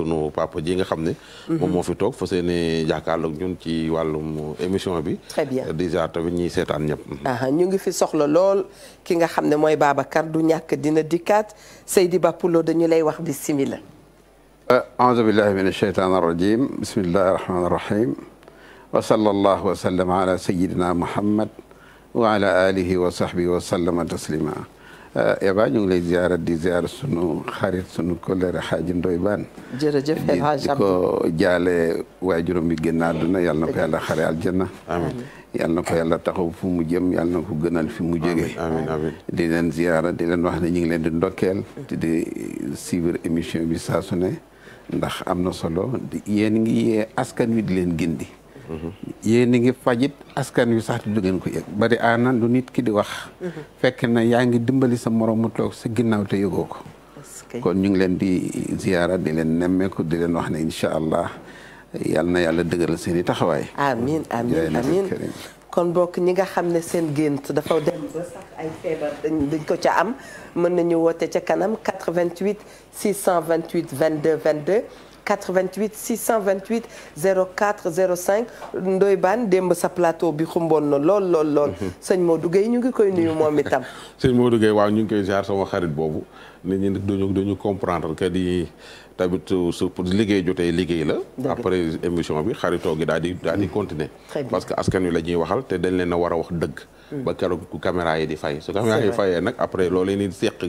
sunu papa ji nga xam ne. moo fi toog fas yéene jàkkaarloog ñun ci wàllum émission bi. très bien déjà tamit ñiy seetaan ñëpp. ñu ngi fi soxla lool ki nga xam ne mooy Babacar du ñàkk dina dikkaat Seydi Bapoulo dañu lay wax bisimilah. aouzu ah, a min asheytaan arrajim bismillahi rahmaani rahim wa sallallahu wa sallam ala sayidina muhammad wa ala wa sahbihi wa sallama taslima Euh, Eva ñu ngi lay ziara di ziar sunu xarit sunu collègue xaaji Ndoye Bane. jërëjëf El di ko jaale waaye juróom bi génn àdduna yal na ko yàlla xare aljanna. amiin yal ko yalla taxaw fu mu jëm yal na ko gënal fi mu jógee. amiin di leen ziara di leen wax ne ñu ngi leen di ndokkeel. te di suivre émission bi saa su ne ndax am na solo di yéen ngi yee askan wi di leen gindi. yéen a ngi fajit askan wi sax du ngeen ko yëg bari aana lu nit ki di wax fekk na yaa ngi dimbali sa morom mu toog sa ginnaaw te yëgoo ko kon ñu ngi leen di ziyaara di leen nemmeeku di leen wax ne incha allah yal na yàlla dëgëral seen i taxawaay amin amin amin kon bokk ñi nga xam ne seen gént dafa dem ba sax ay feebar dañ ko ca am mën nañu woote ca kanam 88 628 22 22 88 628 04 05 Ndoye Bane démb sa plateau bi xumboon na lool lool lool. Mhm. sëñ Modou Gueye ñu ngi koy nuyu moom itam. sëñ Modou Gueye waaw ñu ngi koy ziar sama xarit boobu nit ñi dañu dañu comprendre que di tamit su liggéey jotee liggéey la. après émission bi xaritoo gi daal di daal di mhm. parce que askan wi la ñuy waxal te dañ leen a war a wax dëgg. ba keroog ku caméra yi di fay su caméra yi fayee nag après loolu ni seq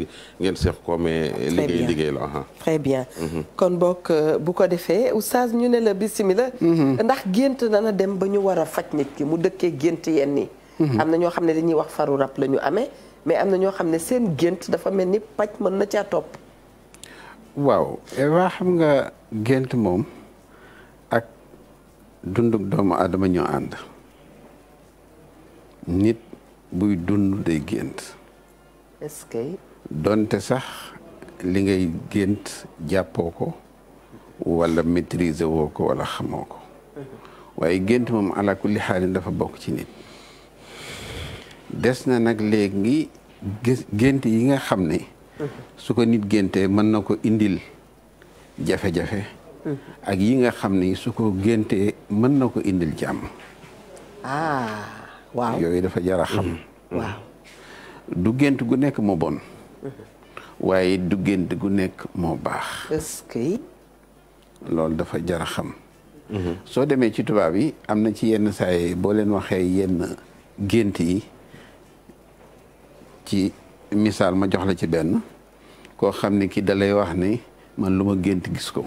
ngeen seq ko mais liggéey liggéey la a très bien mhm. kon book euh, bu ko defee oustaz ñu ne la bisimila mhm. ndax gént dana dem ba ñu war a faj nit ki mu dëkkee gént yenn yi mhm. am na ñoo xam ne dañuy wax faru rab la ñu amee mais am na ñoo xam ne seen gént dafa mel ni paj mën na caa topp waaw Eva xam nga gént moom ak dundug doomu aadama ñoo ànd nit buy dund day gént. est-ce que. donte sax li ngay gént jàppoo ko walla maîtriser woo ko wala xamoo ko waaye gént moom ala kulli xaalin dafa bokk ci nit des na nag léegi gént yi nga xam ne su ko nit géntee mën na ko indil jafe-jafe ak yi nga xam ni su ko géntee mën na ko indil jàmm ah waaw yooyu dafa jar a xam. Mm-hmm. Mm-hmm. waaw du gént gu nekk ma bon. Mm-hmm. waaye du gént gu nekk moo baax. est loolu dafa jar a xam. soo demee ci tubaab yi am na ci yenn saa boo leen waxee yenn gént yi ci misaal ma jox la ci benn koo xam ne ki dalay wax ni man lu ma gént gis ko.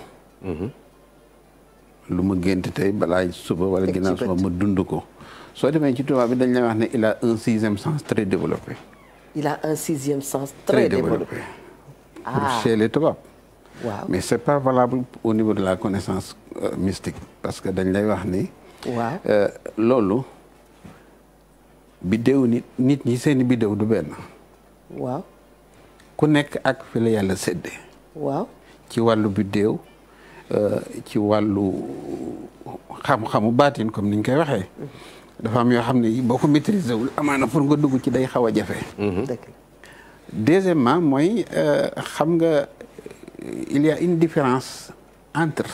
lu ma gént tey balaa suba wala ginnaaw suba ma dund ko. soo demee ci tubaab bi dañ lay wax ne il a un sixième sens très développé. il un sixième sens. très, très ah. pour chez les tubaab. waaw mais c'est pas valable au niveau de la connaissance euh, mystique parce que dañ lay wax ni. waaw euh, loolu biddéew nit ñi seeni biddéew du benn. waaw ku nekk ak fi la yàlla sédde ci wàllu biddéew euh, ci wàllu xam-xamu baatin comme ni ñu koy waxee. Mm-hmm. dafa am yoo xam ne boo ko maîtriser wul amaana pour nga dugg ci day xaw a jafe. Mhm. deuxièmement mooy euh, xam nga il une différence entre.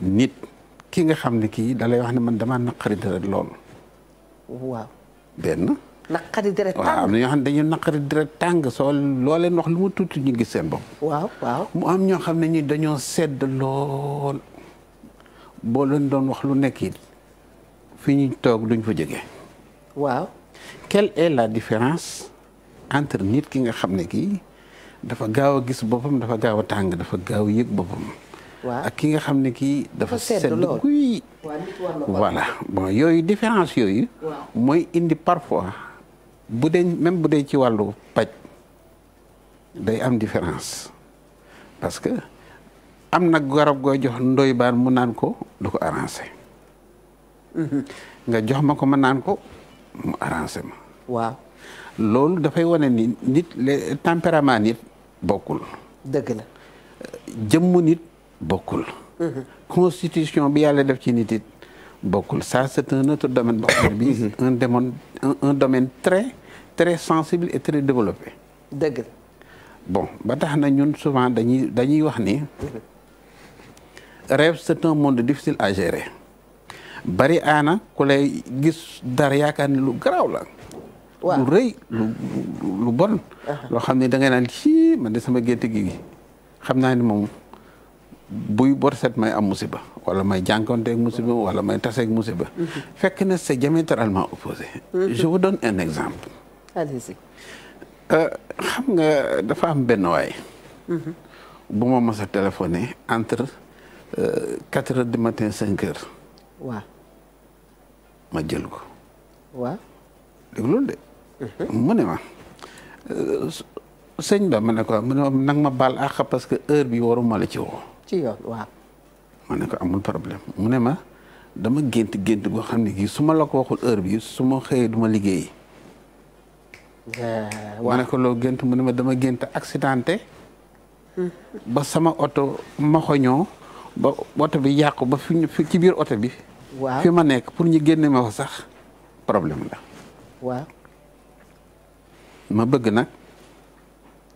nit ki nga xam ne kii da wax ne man damaa naqari deret lool. waaw benn. naqari deret xam ne dañuy naqari deret tàng soo loo leen lu mu tuuti ñu gis seen bopp. waaw waaw mu am ñoo xam ne ñi dañoo sedd lool boo leen doon wax lu nekk it. fi ñu toog duñ fa jege waaw quelle est la différence entre nit ki nga xam ne kii dafa gaaw a gis boppam dafa gaaw a tàng dafa gaaw a yëg boppam. ak ki nga xam ne kii dafa sedd kuy voilà bon yooyu différence yooyu mooy indi parfois bu dee même bu dee ci wàllu paj day am différence parce que am na garab goo jox ndoy baan mu naan ko du ko arrangé nga jox ma ko ma naan ko mu arrangé ma. waaw loolu dafay wane ni nit le tempérament nit bokkul. dëgg la. jëmm nit bokkul. constitution bi yàlla def ci nit it bokkul ça c'est un autre domaine boo xam ne bi mhm. un domaine un domaine très très sensible et très développé. dëgg bon ba tax na ñun souvent dañuy dañuy wax ni. Mhm. rêve c'est un monde difficile à gérer. bari aana ku lay gis dara yaakaar ni lu garaaw la. waaw lu rëy lu bon. Uh-huh. loo xam ne da ngay naan ci man de sama gétt gi xam naa ni moom buy bor set may am musiba wala may jànkonteeg musiba wala may taseeg musiba. Uh-huh. fekk na c'est diamétralement opposé. Uh-huh. je vous un exemple. allez euh, xam nga dafa am benn waay. bu ma mos a téléphoné entre euh, quatre heures du matin cinq heures. waaw. ma jël ko. waaw. déglul de. Mhm. mu ne ma sëñ ba ma ne ko mu ne ma nag ma baal parce que heure bi waruma la ci woo. ci yoon waaw. ma amul problème mu ne ma dama gént gént goo xam ne gii su ma la ko waxul heure bi su ma xëyee du ma liggéeyi. Eh, ma ne ko loo gént mu ne ma dama gént accidenté. Mhm. ba sama oto ma xoñoo ba oto bi yàqu ba fi ci biir oto bi. waaw fi ma nekk pour ñu génne ma fa sax problème la. ma bëgg nag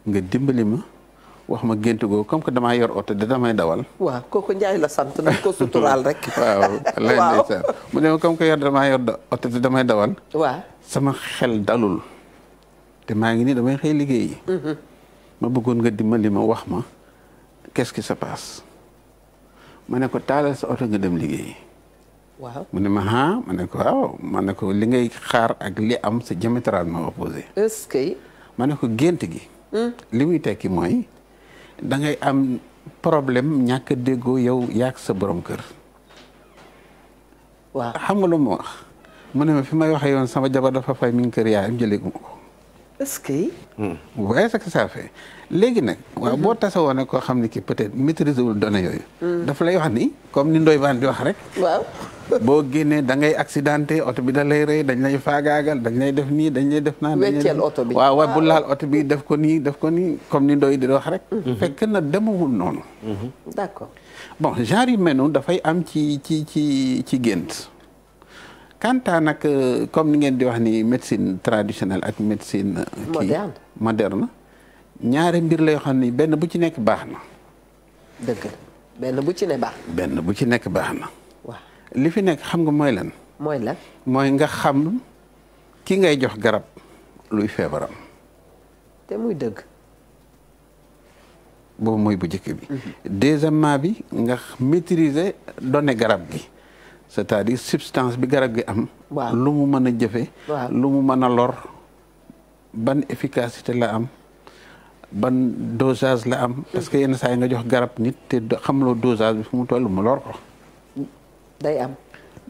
nga dimbali ma wax ma génte googu comme que damaa yor oto da damay dawal. waa kooku Njaay la sant nañ ko suturaal rek. mu ne comme que yor damaa yor oto te damay dawal. sama xel dalul te maa ngi nii damay xëy liggéeyi. Mm-hmm. ma bëggoon nga dimbali ma wax ma qu'est-ce qui se passe ma ne ko sa oto nga dem liggéey waaw mu ne ma ah ma ne ko waaw ma ne ko li ngay xaar ak li am sa diamétralement opposé. est ma ne ko gént gi. Hmm? li muy tekki mooy dangay am problème ñàkk a déggoo yow yaak sa borom kër. waaw xam nga lu ma wax. mu ne fi may waxee yoon sama jabar dafa mi ngi kër yaayam jëlee ko. est-ce que. waaye hmm. sa que ça léegi nag. waaw boo tasawoon ak koo xam ne kii peut-être maîtriser wul yooyu. Hmm. dafa lay wax ni comme ni Ndoye Bane di wax rek. boo génnee da ngay accidenté oto bi da lay rey dañ lay faagaagal dañ lay def nii dañ lay def naan wecceel oto bi waaw waaw bu laal oto bi def ko nii def ko nii comme ni ndoy di wax rek mhm. Mhm. fekk na demawul noonu mhm. d'accord bon genre yu mel dafay am ci ci ci ci gént kanta nag euh, comme ni ngeen di wax nii médecine traditionnelle ak médecine euh, kii moderne ñaari mbir lay xam ni benn bu ci nekk baax na dëgg benn bu ci ne baax benn bu ci nekk baax na li fi nekk xam nga mooy lan. mooy lan mooy nga xam ki ngay jox garab luy feebaram. te muy dëgg. boobu mooy bu njëkk bi. Mhm. deuxièmement bi nga maîtriser donné garab gi. c'est-à-dire substance bi garab gi am. waaw lu mu mën a jëfe lu mu mën a lor. ban efficacité la am. ban dosage la am. parce que yenn saa yi nga jox garab nit te xam loo dosage bi fu mu toll mu lor ko. day am.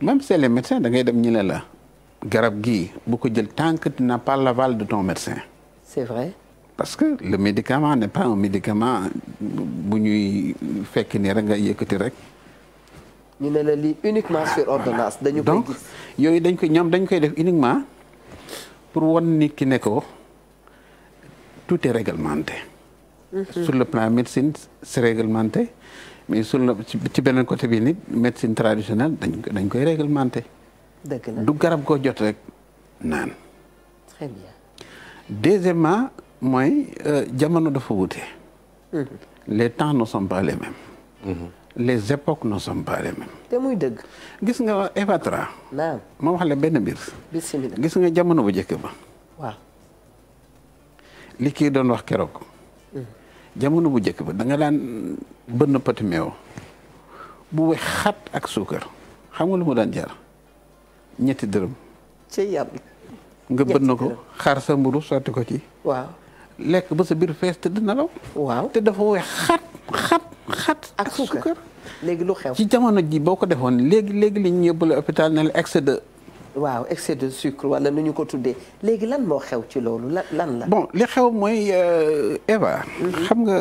même c'est les médecins da ngay dem ñu ne la garab gii bu ko jël tant na par n'as l'aval de ton médecin. c'est vrai. parce que le médicament n'est pas un médicament bu ñuy fekk ni rek nga yëkkati rek. ñu ne la lii uniquement sur ordonnance. dañu koy donc yooyu dañ koy ñoom dañ koy def uniquement pour wan nit ki ne ko tout est réglementé. Mm sur le plan médecine c'est réglementé. mais sur la ci beneen côté bi nit médecine traditionnelle dañ dañ koy réglementé. dëgg du garab koo jot rek naan. très bien. mooy euh, jamono dafa wute. Mhm. les temps ne sont pas les mêmes. Mhm. les époques ne sont gis nga Evatra. naam ma wax la benn mbir. bisimilah gis nga jamono bu njëkk ba. waaw. li kii doon wax keroog. jamono bu njëkk ba danga nga daan bënn petit meew bu wex xat ak suukar xam nga lu mu daan jar ñetti dërëm. ci yàlla nga bënn ko xaar sa mburu sotti ko ci. waaw lekk ba sa biir fees te na law. waaw te dafa wex xat xat xat. ak suukar léegi lu xew ci jamono ji boo ko defoon léegi léegi li ñu yóbbu la hôpital ne la waaw excès de sucre wala nu ñu ko tuddee léegi lan moo xew ci loolu lan la. bon li xew mooy euh, Eva. Mhm. xam nga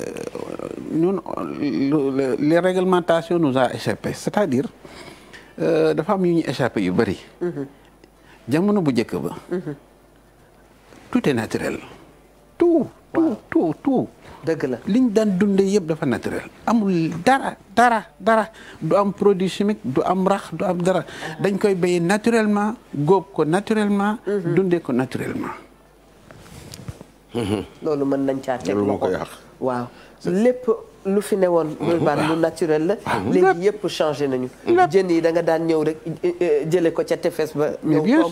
euh, ñun les réglementations nous a échappé c'est-à-dire euh, dafa am yu ñu échappé yu bari. Mhm. jamono bu njëkk ba. Mhm. tout est naturel. tout tout tout. dëgg la liñ daan dundee yëpp dafa naturel amul dara dara dara du am produit chimique du am rax du am dara dañ koy béyee naturellement góob ko naturellement mhm. dundee ko naturellement mhm. loolu mën nañ caa teg loxo waaw lépp lu fi ne woon mhm. baan lu naturel la léegi yëpp changé nañu jën yi da nga daan ñëw rek jële ko ca tefes ba ñëw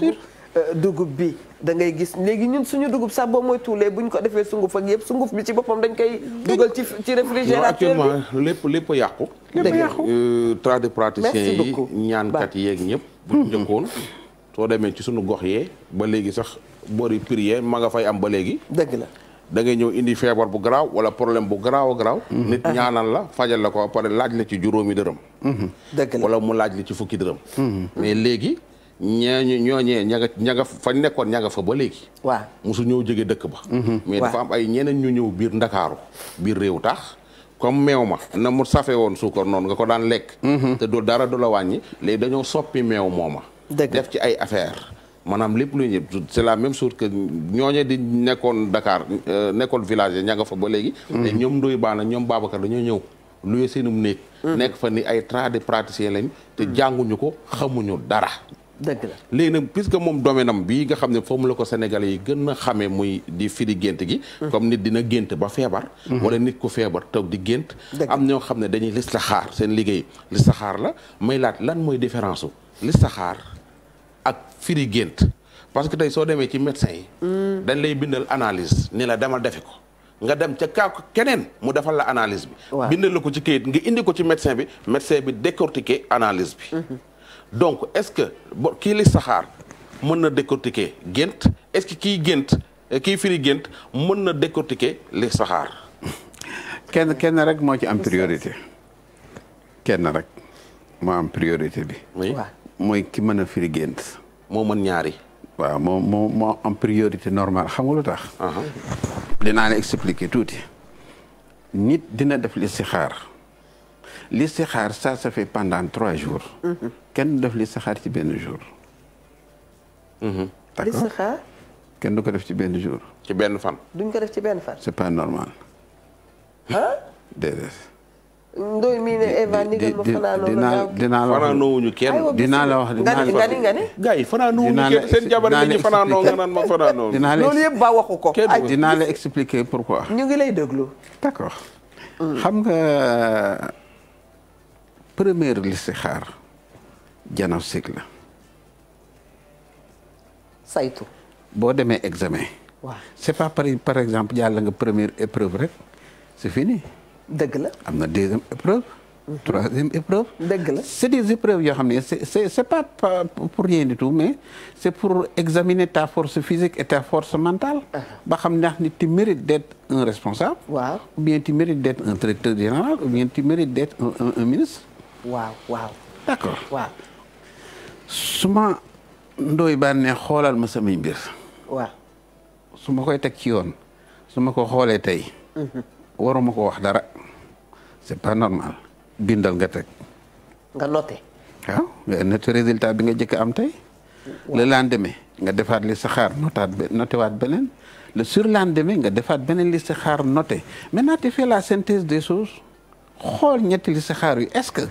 euh, dugub bi da ngay gis léegi ñun suñu dugub sax boo mooy tuulee bu ñu ko defee sunguf ak yëpp sunguf bi ci boppam dañ koy dugal ci ci réfrigérateur actuellement lépp lépp a yàqu lépp yàqu euh, tradipraticiens yi ñaankat yeeg ñëpp bu njëkkoon soo demee ci suñu gox yee ba léegi sax bori prier ma nga fay am ba léegi dëgg la da ngay ñëw indi feebar bu garaaw wala problème bu garaaw a garaaw mm-hmm. nit ah. ñaanal la fajal la ko pare laaj la ci juróomi dërëm mm-hmm. dëgg la wala mu laaj la ci fukki dërëm mm-hmm. mais léegi ñaañu ñooñee ña nga fa nekkoon ña fa ba léegi. waaw mosu jóge dëkk ba. Mhm. mais dafa am ay ñeneen ñu ñëw biir ndakaaru biir réew tax. comme meew ma na mu safe woon suukar noonu nga ko daan lekk. Mhm. te du dara du la wàññi. léegi dañoo soppi meew mooma. def ci ay affaire maanaam lépp lu la même chose que ñooñe di nekkoon Dakar euh, nekkoon village yi ña fa ba léegi. te mhm. ñoom Ndoye Bane ñoom Babacar dañoo ñëw. luye seenum néeg. nekk fa ni ay tradipraticiens lañ. te jànguñu ko xamuñu dara. dëgg la léegi nag puisque moom domaine am bii nga xam ne foofu la ko Sénégalais yi gën a xamee muy di firi gént gi. Hmm. comme nit dina gént ba feebar. Hmm. wala nit ko feebar taw di gént. am ñoo xam ne dañuy listaxaar seen liggéey listaxaar la may laat lan mooy différence su listaxaar ak firi gént parce que tey soo demee ci médecin yi. Hmm. dañ lay bindal analyse ni la demal defi ko. nga dem ca kaw keneen mu defal la analyse bi. waaw bindal la ko ci kayit nga indi ko ci médecin bi médecin bi décortiquer analyse bi. donc est-ce que bo kii li saxaar mën na décortiquer gént est-ce que kii gént eh, kii firi gént mën na décortiquer li saxaar kenn kenn rek moo ci am kenn rek moo am priorité bi mooy ki mën a firi gént moo mën ñaari waaw moo moo moo am priorité normal xam nga lu tax uh-huh. dinaa la expliquer tuuti nit dina def li saxaar listixaar ça se fait pendant trois jours. kenn du def listixaar ci benn jour. Mhm. kenn du ko def ci benn jour. ci benn fan. duñ ko def ci benn fan. c'est pas normal. dina déedéet. Ndoye mii ne Eva la fanaanoowuñu kenn la wax dinaa la gani yi fanaanoowuñu kenn seen jabar yi ñu fanaanoo nga naan ma fanaanoo dinaa la loolu yëpp pourquoi ñu ngi lay déglu d'accord mm. xam nga première listixaar xaar la. saytu. boo demee examen. waaw c'est pas par par exemple jàll nga première épreuve rek c'est fini. dégg la am na deuxième épreuve. Mhm. troisième épreuve. dëgg la c'est des épreuves yoo xam ne c'est c'est pas pour rien du tout mais c'est pour examiner ta force physique et ta force mentale. Uh-huh. ba xam ndax ni ti mérites d'être un responsable. waaw ou bien tu mérites d'être un directeur général ou bien tu mérites d'être un un, un ministre. waaw waaw. d'accord waaw. su ma ndooy bànnee xoolal ma samay mbir. waaw. ma koy teg ci yoon su ma ko xoolee tey. Mhm. waruma ko wax dara c'est pas normal bindal nga teg. nga noté. waaw nga noté résultat bi nga jëkk am tey. le lendemain nga defaat li sa xaar notaat be notéwaat beneen le surlendemain nga defaat beneen li sa xaar noté maintenant tu fais la synthèse des sous xool ñetti listixaar yu est-ce que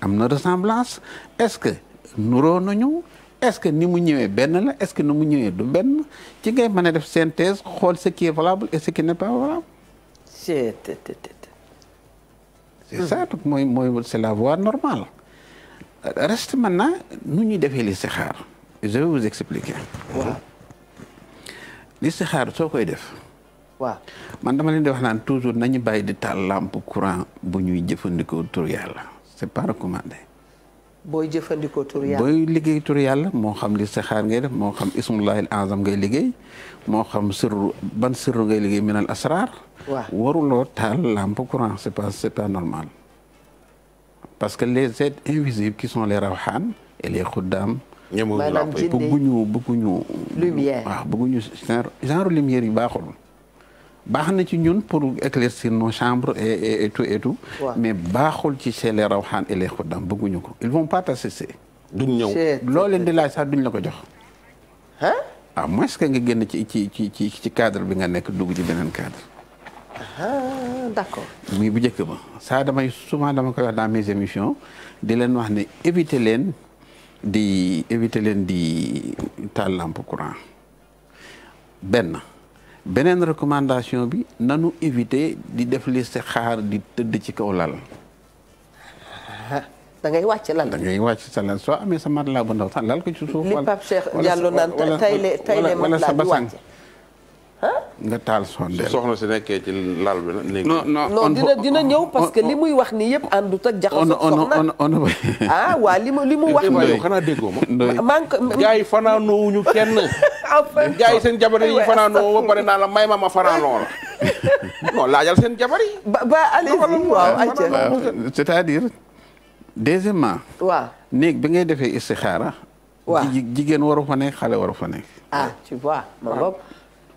am na ressemblance est-ce que nuroo nañu est-ce que ni mu ñëwee benn la est-ce que ni mu ñëwee du benn ci ngay mën a def synthèse xool ce qui est valable et ce qui n'est pas valable. c'est ça donc mooy mooy c'est la voie normale reste maintenant nu ñuy defee listixaar je vais vous expliquer. waaw listixaar soo koy def. waaw man dama leen di wax naan toujours nañu bàyyi di taal lampe courant bu ñuy jëfandikoo tur yàlla c'est pas recommandé. booy jëfandikoo tur yàlla liggéey tur yàlla moo xam li saxaar nga def moo xam ismullahil azam ngay liggéey moo xam sirru ban sirru ngay liggéey minal asrar waruloo taal lampe courant c'est pas c'est normal parce que les êtres invisibles qui sont les rawxaan et les xuddaam ñemul lampe bëgguñu bëgguñu genre genre lumière yi baaxul baax na ci ñun pour éclaircir nos chambres et et tout et tout. mais baaxul ci chez les rawxaan et les xuddam bëgguñu ko ils vont pas t'assister. duñ ñëw loo leen di laaj duñ la ko jox. a à moins que nga génn ci ci ci ci cadre bi nga nekk dugg ci beneen cadre. Ah, d'accord. muy bu njëkk ba ça damay souvent dama koy wax dans mes émissions di leen wax ne éviter leen di éviter leen di taal lampe courant benn. beneen recommandation bi nanu éviter di def li si xaar di tëdd ci kaw lal. Ah, da ngay wàcc lal da ngay wàcc sa lal soo amee sa matelas bu ndaw sax lal ko ci suuf. li Pape Cheikh Diallo naan tayle tayle matelas bi wàcc nga taal sondeel soxna si dina ñëw parce que li wax ni yëpp àndut ak jaxasoo soxna ah, waa li li mu wax nii. xanaa déggoo ma. Ah, seen jabar yi fanaanoo ba may ma ma fanaanoo la. non laajal seen jabar yi. ba ba allez waaw ayca c'est-à-dire deuxièmement. waaw néeg bi ngay defee istixaara. waaw jigéen waru fa xale waru fa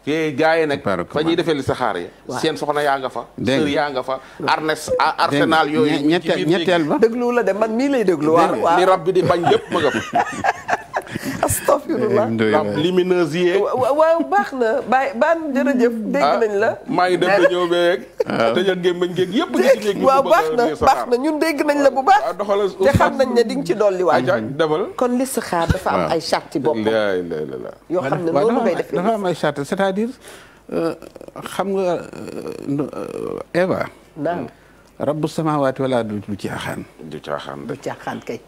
yooyu gars yi nag fa ñuy defee li saxaar yi seen soxna yaa nga fa sër yaa nga fa arnes arsenal yooyu ñetteel ba déglu la de man mii lay déglu waaw li rab bi di bañ lépp ma nga fa astafirullah lumineuse yi yeeg waaw baax na bàyyi baan jërëjëf ah, dégg nañ la maa ngi dem da ñëw beeg tëjal gémmañ géeg yëpp ngi ci néeg waaw baax na baax na ñun dégg nañ la bu baax ah, te xam nañ ne di nga ci dolli waay defal kon listixaar dafa am ay charte boppam yoo xam ne noonu ngay defee dafa am ay charte c'est-à-dire euh, xam nga euh, Eva naam rabbu samaawaati wala du caaxaan du caaxaan du caaxaan kay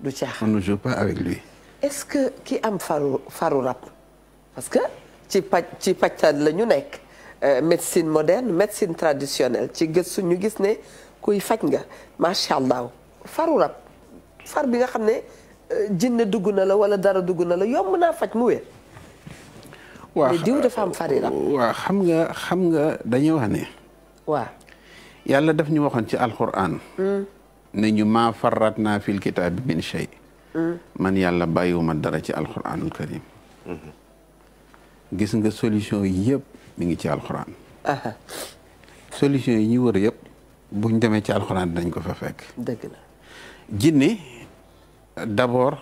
du caaxaan on ne joue pas avec est-ce que ki am faru faru parce que ci paj ci pajtal la ñu nekk euh, médecine moderne médecine traditionnelle ci gëstu ñu gis ne kuy faj nga macha allah faru rab far bi nga xam ne euh, jinne dugg na la wala dara dugg na la yomb naa faj mu wér. waaw xam nga xam nga dañuy wax ne. waaw. yàlla ñu waxoon ci alquran. Hmm. ne ñu ma farrat naa fil kitaabi min shay mm. man yàlla bàyyiwuma dara ci alquranul karim mm-hmm. gis nga solution yi yëpp mi ngi ci alquran solution yi ñu wër yëpp buñ demee ci alquran dañ ko fa fekk dëgg la jinne d'abord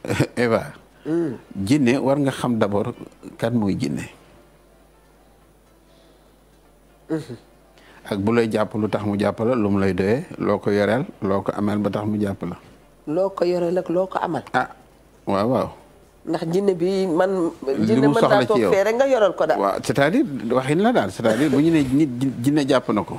Eva mm. jinne war nga xam d'abord kan mooy jinne mm-hmm. ak bu lay jàpp lu tax mu jàpp la lu lay doyee loo ko yoreel loo ko ameel ba tax mu jàpp la. loo ko yoreel ak loo ko amal. ah waaw waaw. ndax jinne bi man. li ci yow jinne mën naa toog fee rek nga yoral ko daal. waaw c'est-à-dire jàpp na ko.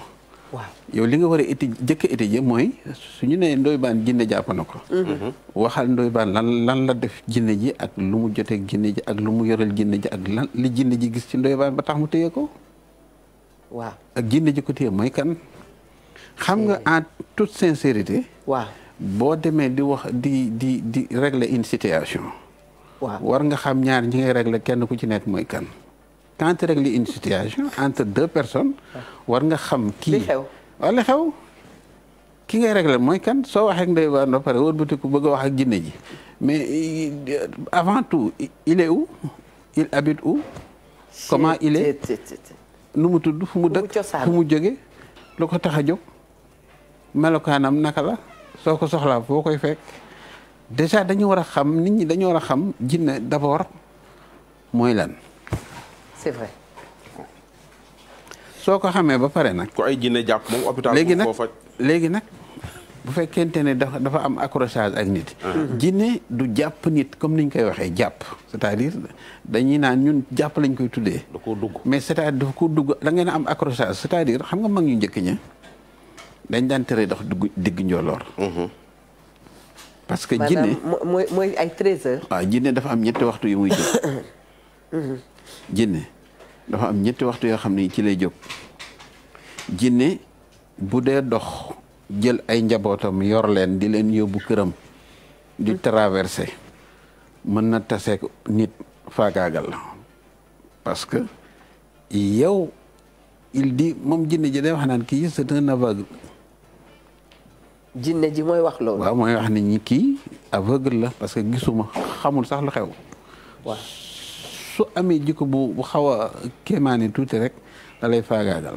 yow li nga war a iti jëkk mooy su ñu nee ndoy baan jinne jàpp na ko. Mhm. waxal ndoy lan lan la def jinne ji ak lu mu joteeg jinne ji ak lu mu yoral jinne ji ak lan li jinne ji gis ci ndoy ba tax mu téye ko. waaw ak jinne ji ko téye mooy kan xam nga en toute sincérité waaw boo demee di wax di di di réglé une situation waaw war nga xam ñaar ñi ngay régler kenn ku ci nekk mooy kan quand tu règles une situation entre deux personnes war nga xam kii li xew wala xew ki ngay régler mooy kan soo waxee ak ndey baan ba pare ku bëgg a wax ak jinne ji mais euh, avant tout il est où il habite où comment il nu mu tudd fu mu dëkk fu mu jóge lu ko tax a jóg melokaanam naka la soo ko soxla foo koy fekk déjà dañu war a xam nit ñi dañu war a xam jinne d'abord mooy lan c'est vrai soo ko xamee ba pare nag ku ay jinne jàpp moom hôpital léegi nag léegi nag bu fekkente ne dafa dafa am accrochage ak nit. Ah. jinne du jàpp nit comme niñ koy waxee jàpp. cest à dañuy naan ñun jàpp lañ koy tuddee. da koo dugg mais cest à dafa ko dugg da ngeen am accrochage cest à xam nga mag ñu njëkk ña dañ daan tere dox dugg digg njooloor. Mhm. parce que jinne mooy mooy ay treize dafa am ñetti waxtu yu muy jóg. Mhm. jinne dafa am ñetti waxtu yoo xam ne ci lay jóg. jinne bu dee dox. jël ay njabootam yor leen di leen yóbbu këram di mm. traversé mën na taseeg nit faagaagal la parce que yow il di moom jinne ji day wax naan kii c'est na aveugle jinne ji mooy wax loolu waaw mooy wax ne ñi kii aveugle la parce que gisuma xamul sax lu xew waaw su amee jikko bu bu xaw a kéemaane tuuti rek da lay faagaagal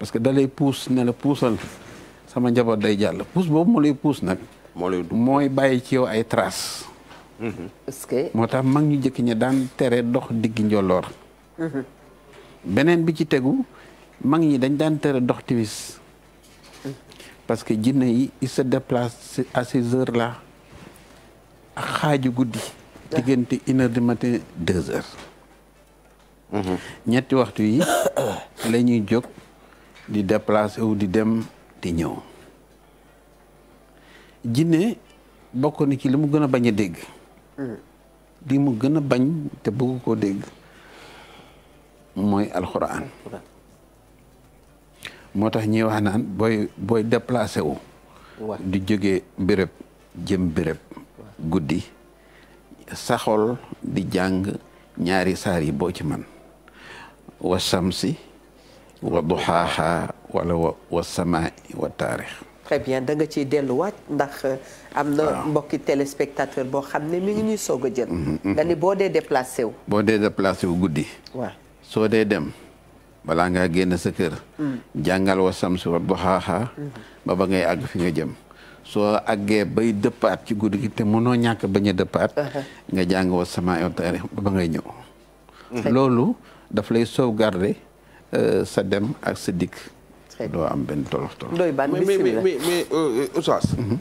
parce que da lay puus ne la puusal sama njaboot day jàll puus boobu moo lay puus nag. moo mooy bàyyi ci yow ay trace mm-hmm. est que. moo tax mag ñu njëkk ñi daan tere dox digg njolloor. Mm-hmm. beneen bi ci tegu mag ñi dañ daan tere dox timis mm-hmm. parce que jinne yi il se déplace à ces heures ak xaaju guddi. Ah. diggante une heure du matin deux heures. ñetti waxtu yi la ñuy jóg. di déplacé wu di dem di ñëw jinne bokk na ci li mu gën a bañ a dégg mm. li mu gën a bañ te bëgg koo dégg mooy alxuraan moo tax ñuy wax naan booy booy déplacé wu di jóge béréb jëm bërëb guddi saxol di jàng ñaari saar yi boo ci man wasamsi wa duxaaxa wala wa wa samaa wa taarix. très bien da nga ciy delluwaat ndax. Euh, am na mbokki téléspectateur boo xam ne mi nga ñuy soog a jël. Mm-hmm, mm-hmm. nga ni boo dee déplacé wu. boo dee déplacé wu guddi. waaw soo dee dem. balaa ngaa génn sa kër. Mm. jàngal wa samsi wa duxaaxa mm-hmm. ba ba ngay àgg fi nga jëm. soo àggee bay dëppaat ci guddi gi te mënoo ñàkk bañ a dëppaat. Uh-huh. nga jàng wa samaa wa taarix ba ba ngay ñëw. loolu daf lay sauvegarder. Euh, sa dem ak sa dikk. doo am benn tolof tolof. doy ban mais mais mais euh, mhm.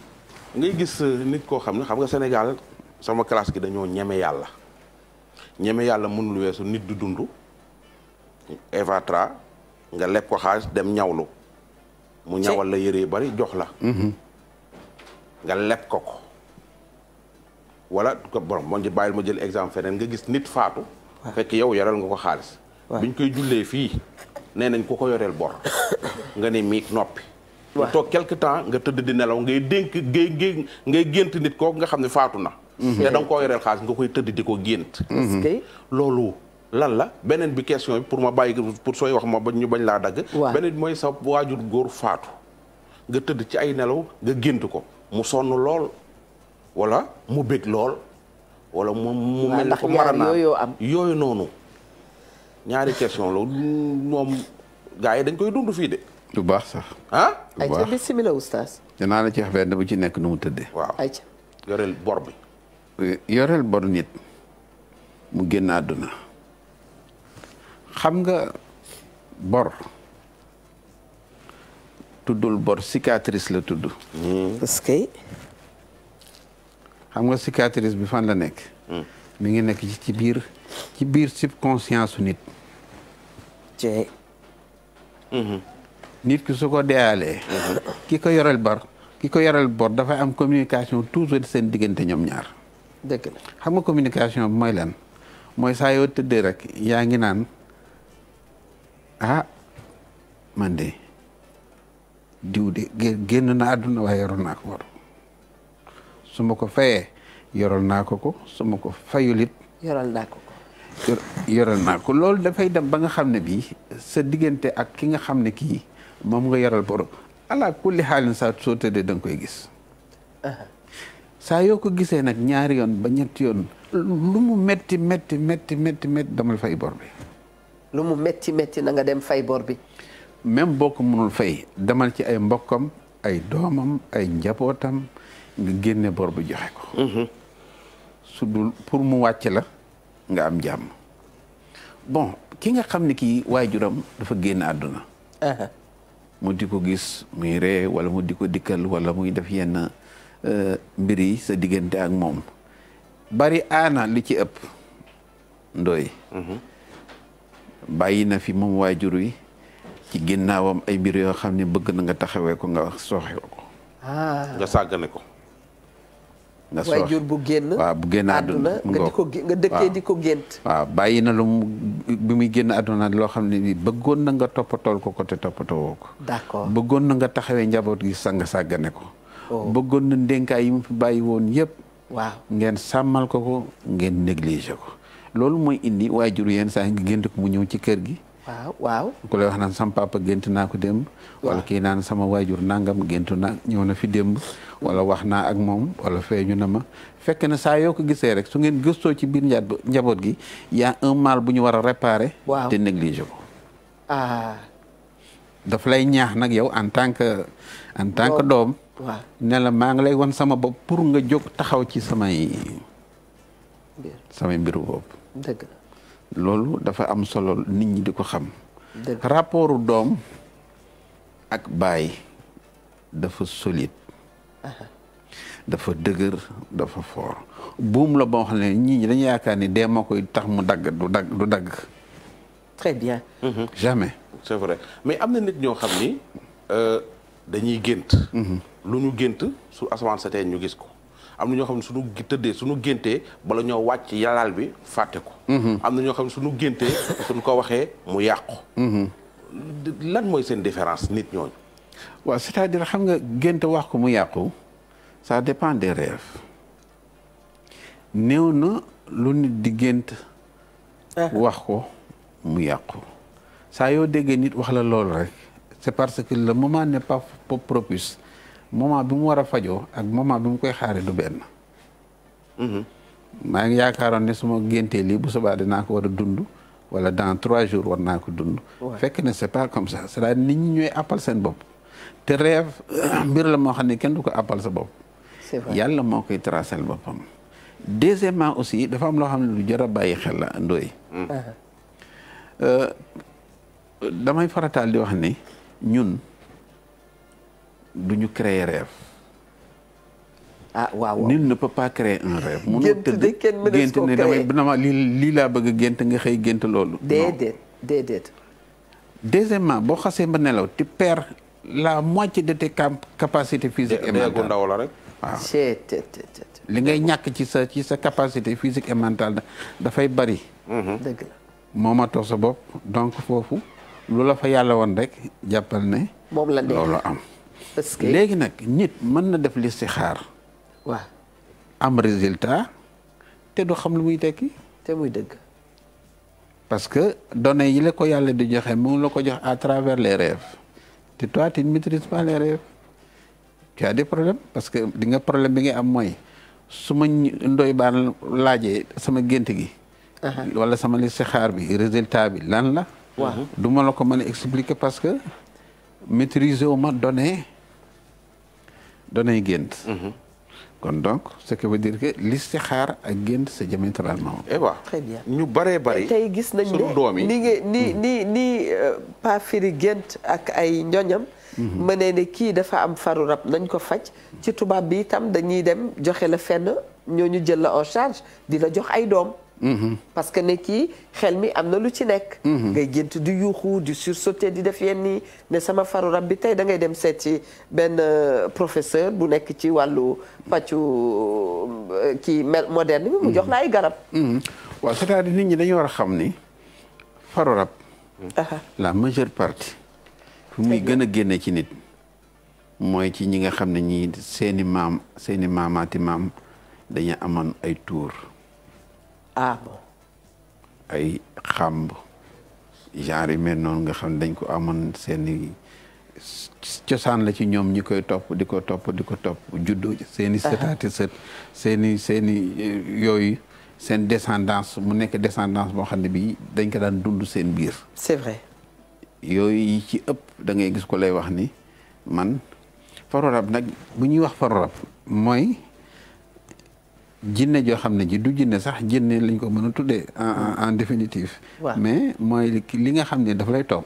gis euh, nit koo xam ne xam nga Sénégal sama classe gi dañoo ñeme yàlla. ñeme yàlla mënul weesu nit du dund. Eva nga leb ko xaalis dem ñawlu. mu ñawal la yëre yu bari jox la. Mhm. nga leb ko ko. wala bon man bàyyil ma jël exemple feneen nga gis nit faatu. fekk yow yaral nga ko xaalis. biñ koy jullee fii nee nañ ko ko yoreel bor nga ne miig noppi mu toog quelque temps nga tëdd di nelaw ngay dénk ngay ngay ngay gént nit kooku nga xam ne faatu na mhm. te da ko koo yoreel xaalis nga koy tëdd di ko gént mhm. loolu lan la beneen bi question bi pour ma bàyyi pour sooy wax ma ba ñu bañ laa dagg beneen bi mooy sa waajur góor faatu nga tëdd ci ay nelaw nga gént ko mu sonn lool wala mu bég lool wala mu mu mel ne ko mara yooyu noonu ñaari question la gars yi dañ koy dund fii de. lu baax sax. ah lu baax ayca bisimilah la ci wax benn bu ci nekk nu mu tëddee. waaw ayca yoreel bor bi. yoreel bor nit mu génn àdduna xam nga bor tuddul bor cicatrice la tudd. Hmm. parce xam nga cicatrice bi fan la nekk. Hmm. mi ngi nekk ci biir. ci biir subconscience su nit. cee. Mm-hmm. nit ki su ko deealee. Mm-hmm. ki ko yoreel bar ki ko yoreel bor dafay am communication toujours seen diggante ñoom ñaar. dëgg nga communication bi mooy lan mooy saa yoo tëddee rek yaa ngi naan a ah, man de diw de génn na àdduna waaye yoroon naa ko war su ko fayee yoral naa ko ko su ma ko fayul it yoral naa ko yoral naa ko loolu dafay dem ba nga xam ne bii sa diggante ak ki nga xam ne kii moom nga yoral borom ala kulli xaalin saa soo tëddee da nga koy gis. saa yoo ko gisee nag ñaari yoon ba ñetti yoon lu mu metti metti metti metti damal fay bor bi. lu mu metti metti na dem fay bor bi. même boo ko mënul fay demal ci ay mbokkam ay doomam ay njabootam nga génne bor bu joxe ko. Mhm. su dul pour mu wàcc la. nga am jàmm bon ki nga xam ne kii waajuram dafa génn àdduna mu di ko gis muy ree wala mu di ko dikkal wala muy def yenn euh, mbir yi sa diggante ak moom bari aana li ci ëpp ndooy mhm. bàyyi na fi moom waajur wi ci ginnaawam ay mbir yoo xam ne bëgg na nga taxawee ko nga soxew ko ah. nga sàggane ko waajur bu génn waaw bu génn àdduna nga ko nga dëkkee di ko gént waaw bàyyi na lu mu bi muy génn àdduna loo xam ne ni bëggoon na nga toppatool ko ko te toppatoo ko d'accord bëggoon na nga taxawee njaboot gi sang sàggane ko oh. bëggoon na ndénkaay yi mu fi bàyyi woon yëpp waaw ngeen sàmmal ko ko ngeen négligé ko loolu mooy indi waajur yenn saa yi nga gént ko mu ñëw ci kër gi waaw waaw ku lay wax naan sama papa gént naa ko démb wala kii naan sama waajur nangam géntu naa ñëw na fi démb wala wax naa ak moom wala feeñu na ma fekk na saa yoo ko gisee rek su ngeen gëstoo ci biir njaboot gi y'a un mal bu ñu war a réparer te négligé ko ah daf lay ñaax nag yow en tant que en tant que doom ne la maa ngi lay wan sama bopp pour nga jóg taxaw ci samay samay mbiru loolu dafa am solo nit ñi di ko xam rapportu doom ak baay dafa solide dafa dëgër dafa fort buum la boo xam ne ñii ñi dañu yaakaar ni dee ma koy tax mu dagg du dagg du dagg très bien mhm. jamais c'est vrai mais am na nit ñoo xam ni euh, dañuy gént mhm. lu ñu gént su asamaan sa teen ñu gis ko am na ñoo xam ne suñu tëddee suñu géntee bala ñoo wàcc yalaal bi fàtte ko mm-hmm. am na ñoo xam ne suñu géntee suñ ko waxee mu yàqu mm-hmm. lan mooy seen différence nit ñooñu waa c'est-à-dire xam nga gént wax ko mu yàqu ça dépend des na lu nit di gént ah. wax ko mu yàqu saa yoo déggee nit wax la loolu rek c'est parce que le moment n'est pas propice moment bi mu war a fajoo ak moment bi mu koy xaare du benn mhm. maa ngi yaakaaroon ne suma ma géntee lii bu subaa dinaa ko war a dund wala dans trois jours war naa ko dund fekk ne c'est pas comme ça c'est-à-dire nit ñi ñooy seen bopp te rêve mbir la moo xam ne kenn du ko appal sa bopp yàlla moo koy trasel boppam deuxièmement aussi dafa am loo xam ne lu jar a bàyyi xel la ndooy mhm. euh, damay farataal di wax ni ñun du ñu créer rêve. ah waaw nit ne peut pas créer un rêve. mënoo ne damay dama lii lii laa bëgg a gént nga xëy gént loolu. déedéet deuxièmement boo xasee ba nelaw tu perds la moitié de tes capacités physiques et mentales ndaw la li ngay ñàkk ci sa ci sa capacité physique et mentale dafay bari. Mm-hmm. Mm-hmm. dëgg la sa bopp donc foofu lu la fa yàlla woon rek jàppal ne. boobu loolu am. parce que léegi nag nit mën na def listixaar. waaw am résultat te du xam lu muy tekki. te muy dëgg. parce que données yi le ko yàlla di joxe mu ngi la ko jox à travers les rêves te toi tu ne maîtrises pas les rêves tu as des problèmes parce que di nga problème bi nga am mooy su ma ndoy baan laajee sama gént gi. Uh-huh. wala sama listixaar bi résultat bi lan la. du ma la ko mën a expliquer parce que maîtriser wu ma données. danay gént mhm. kon donc ce qui veut dire que listixaar ak gént c'est diamétralement waaw eh très bien ñu bëree bëri gis nañ sunu doom yi ni ngi mhm. ni ni ni euh, pas firi gént ak ay ñoñam mhm. ma ne ne kii dafa am faru rab nañ ko faj ci tubaab bi itam dañuy dem joxe la fenn ñooñu jël la en charge di la jox ay doom Mm-hmm. parce que ne kii xel mi am na lu ci nekk. Mm-hmm. ngay gént du yuuxu di sursauter di def yenn yi ne sama faru rab bi tey da ngay dem seet ci benn euh, professeur bu nekk ci wàllu pàccu euh, kii moderne bi mu mm-hmm. jox la ay garab. waaw cest à war a xam ni faru rab. la majeure partie. fu muy gën a génne ci nit. mooy ci ñi nga xam ne ñii seeni maam seeni maamaati maam dañu amoon ay tuur. aaba ay xam genre yi mel noonu nga xam ne dañ ko amoon seeni cosaan la ci ñoom ñi koy topp di ko topp di ko topp juddoo seeni sëtaati sët seeni seeni eh, yooyu seen descendance mu nekk descendance boo xam ne bi dañ ko daan dund seen biir c'est vrai yooyu yi ci ëpp da ngay gis ko lay wax ni man farorab nag bu ñuy wax farorab mooy jinne joo xam ne ji du jinne sax jinne lañ ko mën a tuddee en définitive. mais mooy li nga xam ne daf lay topp.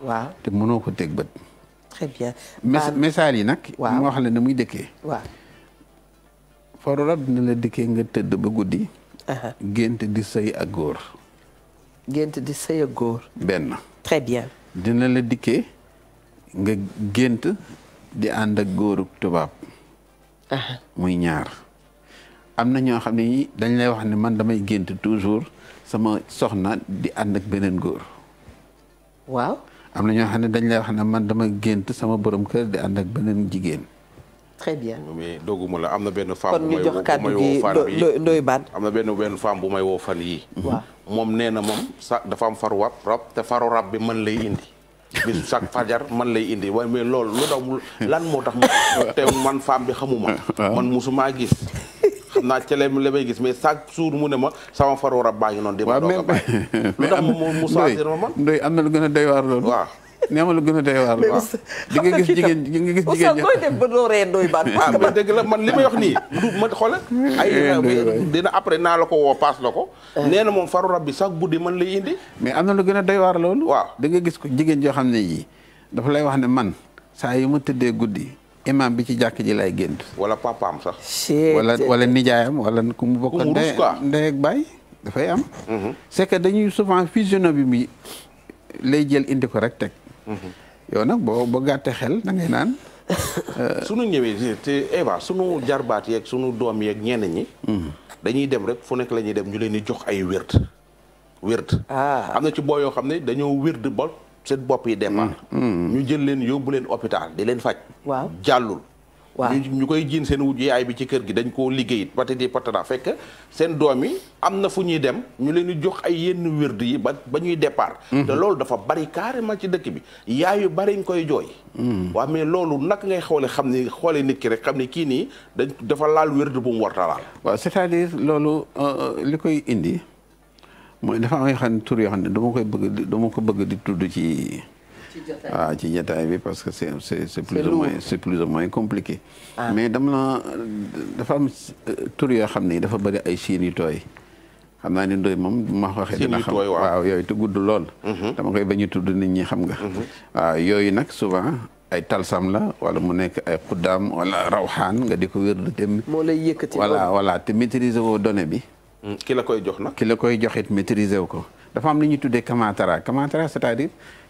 waaw te mënoo ko teg bët. très bien. misaal yi nag. waaw wax xam ne muy dëkkee. waaw. foro dina la dikke nga tëdd ba guddi. Uh-huh. gént di sëy ak góor. gént di sëy ak góor. benn. très bien. dina la dikkee nga gént di ànd ak góoru tubaab. Uh-huh. muy ñaar. am na ñoo xam ne ñi dañ lay wax ne man damay gént toujours sama soxna di ànd beneen góor. waaw am na ñoo xam ne dañ lay wax ne man damay gént sama borom kër di ànd ak beneen jigéen. très bien mais la am na benn femme. kon ñu jox kàddu gi ndoy bu may woo fan yii. moom nee na moom sa dafa am faru rab te faru rab bi man lay indi. bis chaque fajar man lay indi waaye mais loolu lan moo tax. te man femme bi xamuma. man musuma gis. naa ca la may gis mais chaque jour mu ne ma sama faru rab baa ngi noonu. waaw même lu moom am na lu gën a doy waar loolu. waaw ma lu gën a doy waar. waaw di nga gis jigéen di nga gis jigéen ña. def ba doo ree ah, la man li may wax nii du ma xoolal. ay dina après naa la ko woo paas la ko. Eh. nee na moom faru rab bi chaque guddi man lay indi. mais am na lu gën a day waar loolu. waaw di nga gis ko jigéen joo xam ne yii dafa lay wax ne man saa yi mu tëddee guddi imam bi ci jàkk ji lay génn wala papaam sax. wala wala nijaayam wala ku mu bokk. ndey ndey ak baay dafay am. Mhm. c'est que dañuy souvent fusionné bi mi lay jël indi ko rek teg. Mhm. yow nag boo boo gàttee xel da naan. Euh, sunu ñëwee te Eva sunu jarbaat yeeg sunu doom yeeg ñenn ñi. Mhm. dañuy dem rek fu nekk la dem ñu leen di jox ay wérd wérd. Ah. am na ci boo yoo xam ne dañoo wérd bol. seen bopp yi départ mm, mm. ñu jël leen yóbbu leen hôpital di leen faj waaw jàllul waaw ñu koy jiin seen wujj yaay bi ci kër gi dañ koo liggéey it patati patata fekk seen doom yi am na fu ñuy dem ñu leen di jox ay yenn wérd yi ba ba ñuy départ mm-hmm. te loolu dafa bari carrément ci dëkk bi yaay yu bari ñu koy jooy mm. waaw mais loolu naka ngay xoole xam ni xoole nit ki rek xam ni kii nii dañ dafa laal wérd bu mu warta laal waaw cest à loolu euh, euh, li koy indi mooy dafa am xam ne tur yoo xam ne dama koy bëgg di ko bëgg di tudd ci. Ah, ci jotaay bi parce que c'est c'est c'est plus ou ah. mais dama la dafa am euh, tur yoo xam ne dafa bëri ay siin yu tooy. xam naa ne ndoy moom bu ma dina xam waaw yooyu te gudd lool. Mm-hmm. dama koy bañ tudd nit ñi xam nga. Mm-hmm. Ah, yooyu nag souvent ay talsam la wala mu nekk ay xuddaam wala rawxaan nga di ko wér di dem. moo te maîtriser woo données bi. Mm, ki la koy jox nag. ki la koy joxit maîtriser wu ko dafa am lu ñuy tuddee kamantara kamantara cest à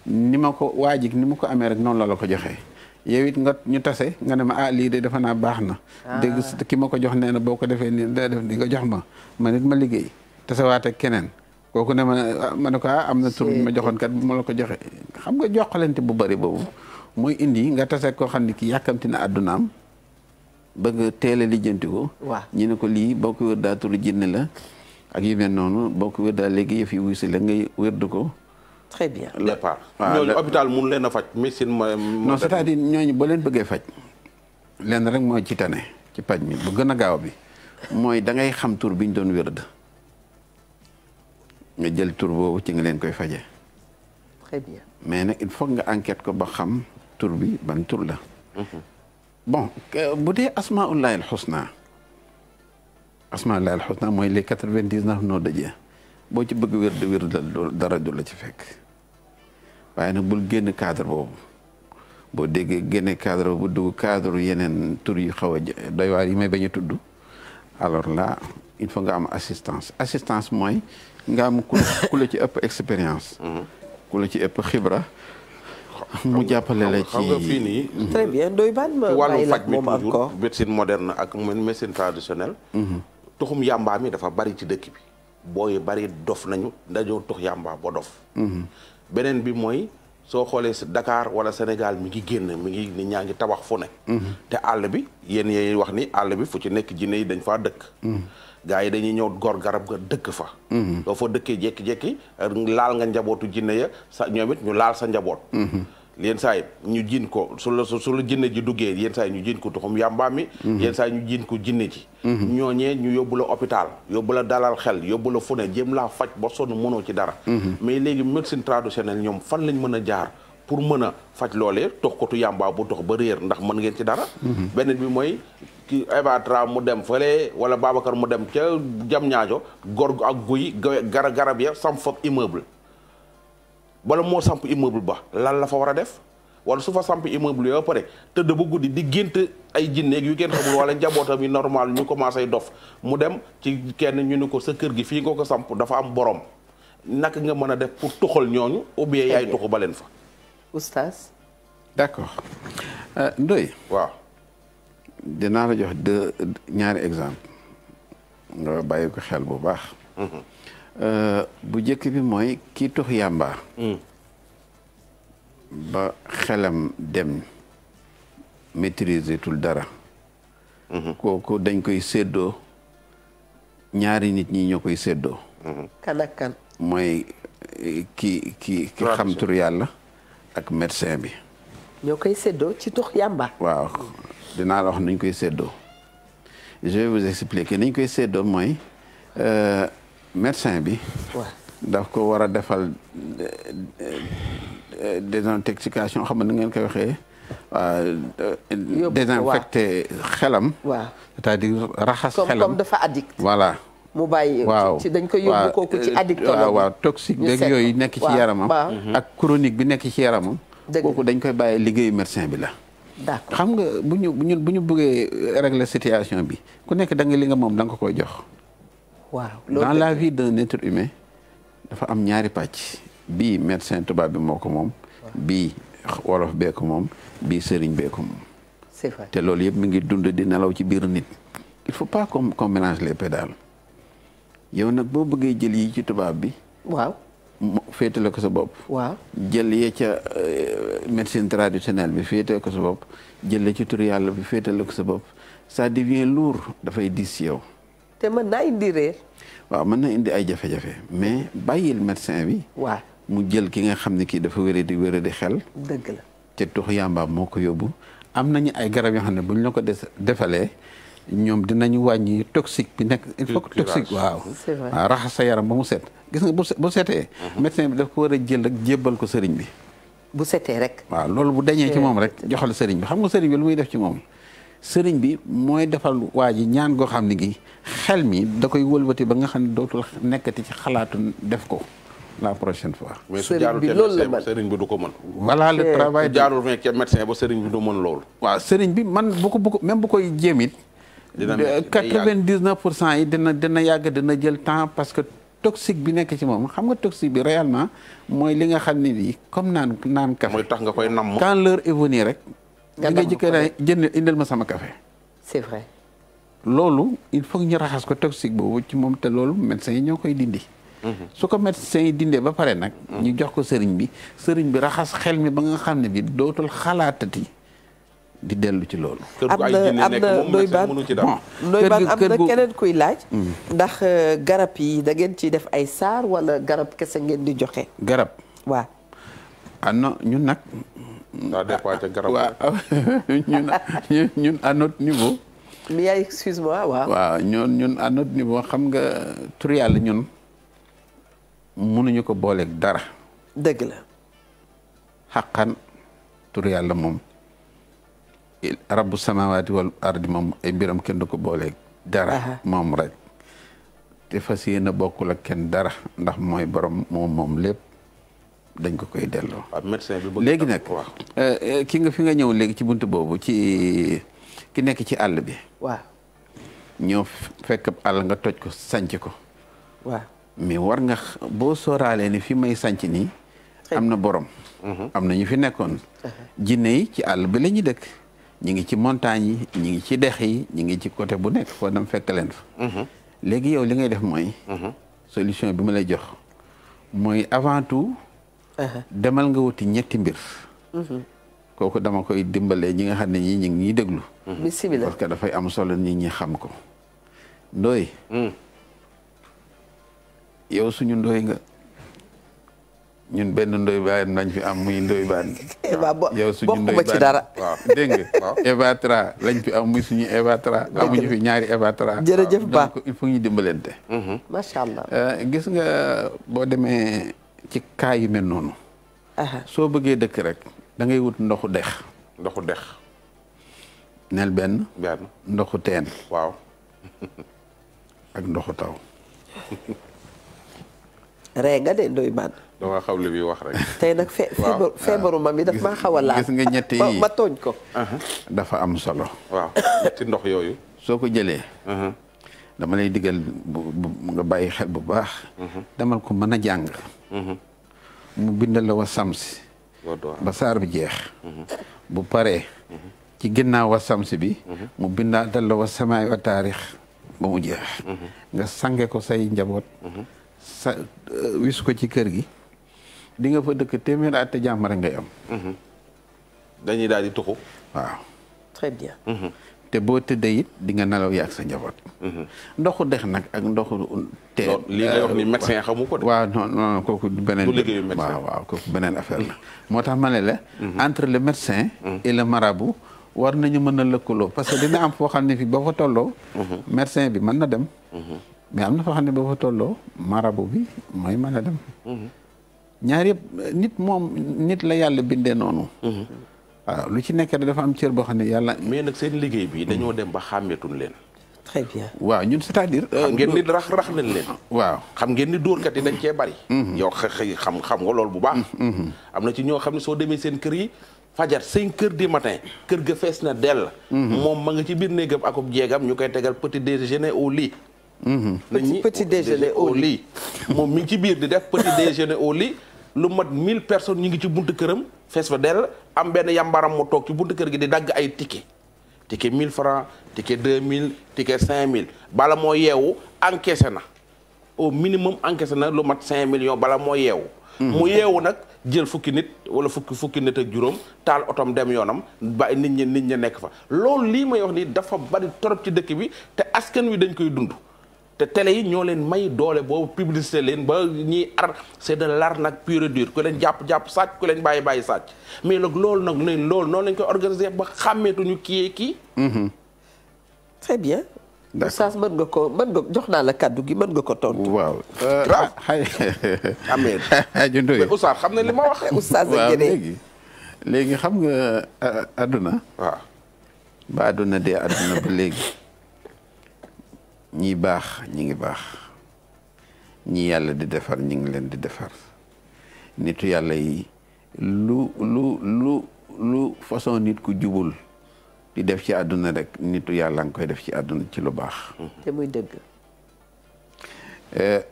ni ma ko waajig ni ma ko amee rek noonu la la ko joxe yow it nga ñu tase nga ne ma ah lii de dafa naa baax na. Ah. dégg ki ma ko jox nee na boo ko defee nii day def di nga jox ma ma nit ma liggéey tasewaat keneen. kooku ne ma ah, ne ma ko ah, am na tur ma joxoon kat bu ma la ko joxe xam nga joxalante bu bari boobu mooy indi nga tase koo xam ne ki yàkkamti na addunaam bëgg teel a lijjanti ko. waaw ñu ne ko lii boo ko wér daa turu jinne la ak yu mel noonu boo ko wér daa léegi yëf yi wuyu si la ngay wérdu ko. très bien départ. mun leen a faj médecine non c'est-à-dire ñooñu boo leen bëggee faj lenn rek mooy ci tane ci paj mi bu gën a gaaw bi mooy da ngay xam tur bi ñu doon wérd nga jël tur boobu ci nga leen koy faje très mais nag il faut nga enquête ko ba xam tur bi ban tur la. Mhm. bon bu dee asmaullahi alxusna asmaullahi alxusna mooy les quatre vingt dix noo dajee boo ci bëgg wér de la ci fekk waaye nag bul génn cadre boobu boo déggee génne cadre boobu dugg cadre yeneen tur yu xaw a doy waar yi may bañ a tudd alors la il faut nga am assistance assistance mooy nga am ku ci ëpp expérience mm-hmm. ku la ci ëpp xibra mu jàppale la ci xam nga fii nii. très bien doy ban ma wàllu faj mi toujours médecine moderne ak médecine traditionnelle. Mhm. toxum yàmbaa mi dafa bari ci dëkk bi. booy bari dof nañu dañoo tox yàmbaa bo dof. Mhm. beneen bi mooy soo xoolee Dakar wala Sénégal mi ngi génn mi ngi ni ñaa ngi tabax fu ne. Mhm. te àll bi yéen yéen wax ni àll bi fu ci nekk jinne yi dañ fa dëkk. gaa yi dañuy ñëw gor garab ga dëkk fa doo fa dëkkee jékki-jékki laal nga njabootu jinne ya sa ñoom ñu laal sa njaboot yenn saa yi ñu jiin ko su la su la jinne ji duggee yenn saa ñu jiin ko tuxum yàmbaam mi mhm. yenn saa yi ñu jiin ko jinne ji mhm. ñooñee ñu yóbbu la hôpital yóbbu la dalal xel yóbbula la fu ne jéem laa faj ba sonn mënoo ci dara mhm. mais léegi médecine traditionnelle ñoom fan lañ mën a jaar pour mën a faj loole tox kotu yàmbaa bu tox ba réer ndax mën ngeen ci dara beneen bi mooy ki mu dem fële wala Babacar mu dem ca jam ñaajo gor ak guy garab ya sam fab immeuble bala moo samp immeuble ba lan la fa war a def wala su fa samp immeuble yooyu pare tëdd bu guddi di gént ay jinneeg yu kenn xamul wala njabootam yi normal ñu commencé dof mu dem ci kenn ñu ni ko sa kër gi fii nga ko samp dafa am borom naka nga mën a def pour tuxal ñooñu ou bien yaay tuxu ba leen fa. oustaz. d'accord euh, Ndoye. waaw. dinaa la jox deux ñaari exemple nga bàyyi ko xel bu baax. Mhm. Euh, bu jëkk bi mooy kii tux yàmba hmm. ba xelam dem maîtriser tul dara hmm. kooku dañ koy séddoo ñaari nit ñi ñoo koy séddoo hmm. mooy eh, ki ki ki xam tur yàlla ak médecin bi ñoo koy seddoo ci tux yàmba waaw dinaa la wax koy seddoo je vais vous expliquer nañ koy séddoo mooy euh, médecin bi. waaw ko war a defal euh, euh, désintoxication xam nga ngeen koy waxee. Euh, waaw désinfecté xelam. waaw c'est-à-dire raxas. xelam dafa addict. voilà. mu bàyyi ci dañ koy yóbbu kooku ci addict. waaw waaw toxique beeg yooyu nekk ci yaramam. Mhm. ak chronique bi nekk ci yaramam. kooku dañ koy bàyyi liggéeyu médecin bi la. d'accord xam nga bu ñu bu ñu bu ñu bëggee régler situation bi ku nekk da nga li nga moom da nga ko koy jox. waaw dans la vie d'un être humain dafa am ñaari pàcc bii médecin tubaab bi moo ko moom bii wolof bee moom bii sëriñ bee ko moom te loolu yëpp mu ngi dund di nelaw ci biir nit il faut pas qu'on qu'on mélange les yow nag boo bëggee jël yi ci tubaab bi waaw féetale ko sa bopp waaw jël ya ca euh, médecine traditionnelle bi féete ko sa bopp jël la ci tur bi féetale ko sa bopp ça devient lourd dafay diis yow te mën naa indi réer. waaw mën na indi ay jafe-jafe mais bàyyil médecin bi. waaw mu jël ki nga xam ne kii dafa wéré di wéré di xel. dëgg la te tux yàmbaam moo ko yóbbu. am nañu ay garab yoo xam ne bu ñu la ko defalee ñoom dinañu wàññi toxique bi nekk. il faut que waaw. c'est raxas sa yaram ba mu set. gis nga bu bu setee. Mhm. médecin bi daf ko war a jël rek jébbal ko sëriñ bi. bu setee rek. waaw loolu bu deñee ci moom rek joxal sëriñ bi xam nga sëriñ bi lu muy def ci moom. sëriñ bi mooy defal waa ji ñaan goo xam ne gi xel mi da koy wëlbati ba nga xam ne dootul nekkati ci xalaatu def ko la prochaine fois. sëriñ bi loolu la mel sëriñ bi du ko mën. voilà le eh. travail de jaarul fekk ca médecin ba sëriñ bi du mën bi man bu ko bu ko même bu koy jéem it. dina quatre-vingt-dix-neuf pour cent yi dina dina yàgg dina jël temps parce que toxique bi nekk ci moom xam nga toxique bi réellement mooy li nga xam ne nii comme naan naan café. mooy tax nga koy namm. quand l'heure est rek. nga ngay jëkkee naa jënd indil ma sama café c'est loolu il foog ñu raxas ko toxique boobu ci moom te loolu médecins yi ñoo koy dindi mhm. su ko médecins yi dindee ba pare nag ñu mhm. jox ko sëriñ bi sëriñ bi raxas xel mi ba nga xam ne bi dootul xalaatati di dellu ci loolu. am na am na doy baan doy baan am na keneen kuy laaj. Mhm. ndax euh, garab yi da ngeen ci def ay saar walla garab kese ngeen di joxe. garab waa ah non ñun nag daa dépassé garab waaw ñun ñun à notre niveau. bien excuse-moi ñun ñun à xam nga tur yàlla ñun mënuñu ko booleek dara. dëgg la. xaqan tur yàlla moom rabbu samawaati wal ardi moom ay biram kenn du ko booleeg dara. moom rek te fas na bokkul ak kenn dara ndax mooy borom moom moom lépp. dañ ko koy delloo. waaw médecin bi bëgg léegi nag euh, ki nga fi nga ñëw léegi ci bunt boobu ci ki nekk ci àll bi. waaw. ñoo fekk àll nga toj ko sanc ko. waaw mais war nga boo sooraalee ni fi may sanc ni am na borom. Mhm. am na ñu fi nekkoon. Uh-huh. jinne yi ci àll bi lañuy ñuy dëkk. ñu ngi ci montagne yi ñu ngi ci dex yi ñu ngi ci côté bu nekk foo dem fekk leen fa. Mhm. léegi yow li ngay def mooy. Mhm. solution bi ma lay jox mooy avant tout. Uh-huh. demal nga wuti ñetti mbir. Uh-huh. kooku dama koy dimbalee ñi nga xam ne ñi ñu ngi ñuy déglu. Uh-huh. dafay am solo nit ñi xam ko. ndooy. Mm. yow suñu ndooy nga. ñun benn ndoy baan lañ fi am muy ndoy baan. yow suñu ndoy baan ci dara. lañ fi am muy suñu Eva Tra. amuñu fi ñaari Eva Tra. jërëjëf Ba donc ñu dimbalante. Mm-hmm. macha euh, gis nga boo demee ci cas yu mel noonu. soo bëggee dëkk rek da ngay wut ndoxu dex. ndoxu dex. neel benn. benn ndoxu teen. waaw. ak ndoxu taw. ree nga de doy baan da nga xam li wax rek. tey nag fee feebaru ma mi daf maa xaw a laal nga ñetti ma tooñ ko. dafa am solo. waaw ndox yooyu. soo ko jëlee. dama lay diggal bu nga bàyyi xel bu baax. demal ko mën a jàng. mu bindal la wa samsi ba saar bi jeex mhm. bu paree mhm. ci ginnaaw wa samsi bi mhm. mu bindaatal la wa wa taarix ba mu jeex nga sange ko say njaboot sa euh, ko ci kër gi di nga fa dëkk téeméer te jàmm rek ngay am dañuy daal di tuxu waaw te boo tëddee it di nga nelaw yaak sa njaboot. Mhm. ndoxu dex nag ak ndoxu. te li nga ni euh, médecin ko de. waaw non kooku beneen. waaw beneen affaire la. Mhm. moo tax ma ne la. Mhm. entre le médecin. et marabu marabout war nañu mën a lëkkaloo parce que dina am foo xam ne fii boo fa tolloo. médecin bi mën na dem. mais am na foo xam ne boo fa tolloo marabout bi mooy mën a dem. ñaar yëpp nit moom nit la yàlla bindee noonu. waaw lu ci nekk dafa am cër boo xam ne yàlla. mais nag seen liggéey bi dañoo dem ba xàmmeetuñ leen. très bien waaw ñun c'est-à-dire. Euh, xam ngeen di rax rax nañ leen. waaw xam ngeen ni dóorkat yi dañ cee bari. Mhm. yow xam xam nga loolu bu baax. Mhm. am na ci ñoo xam ne soo demee seen kër yi. fajar cinq heures du matin kër ga fees na dell mhm. moom ma nga ci biir néegam akub jeegam ñu koy tegal petit déjeuner au lit nañ ñi petit déjeuner au lit moom mi ci biir di def petit déjeuner au lit lu mat mille personnes ñu ngi ci buntu këram fees fa dell am benn yambaram mu toog ci buntu kër gi di dagg ay ticket ticket mille francs ticket deux mille ticket cinq mille bala moo yeewu encaissé na au minimum encaissé na lu mat cinq millions bala moo yeewu mhm. mu yeewu nag jël fukki nit wala fukki fukki nit ak juróom taal otom dem yoonam ba nit ñi nit ñi nekk fa loolu lii may wax nii dafa bari torop ci dëkk bi te askan wi dañ koy dund te télé yi ñoo leen may doole boobu publicité leen ba ñii ar c'est de l'arnaque pure et dure ku leen jàpp-jàpp sàcc ku leen bàyyi bàyyi sàcc mais nag loolu nag ne loolu noonu lañ koy organiser ba xàmmeetuñu kii kii mm-hmm. très bien Oustaz mën nga ko mën nga jox naa la kàddu gi mën nga ko tontu. waaw. xay euh, ah, amee. xam na li ma wax. Oustaz ak yéen léegi. léegi xam nga euh, àdduna. waaw. ba àdduna léegi. ñii baax ñi ngi baax ñi yàlla di defar ñi ngi leen di defar nitu yàlla yi lu lu lu lu façon nit ku jubul di def ci àdduna rek nitu yàlla nga koy def ci àdduna ci lu baax te muy dëgg eh,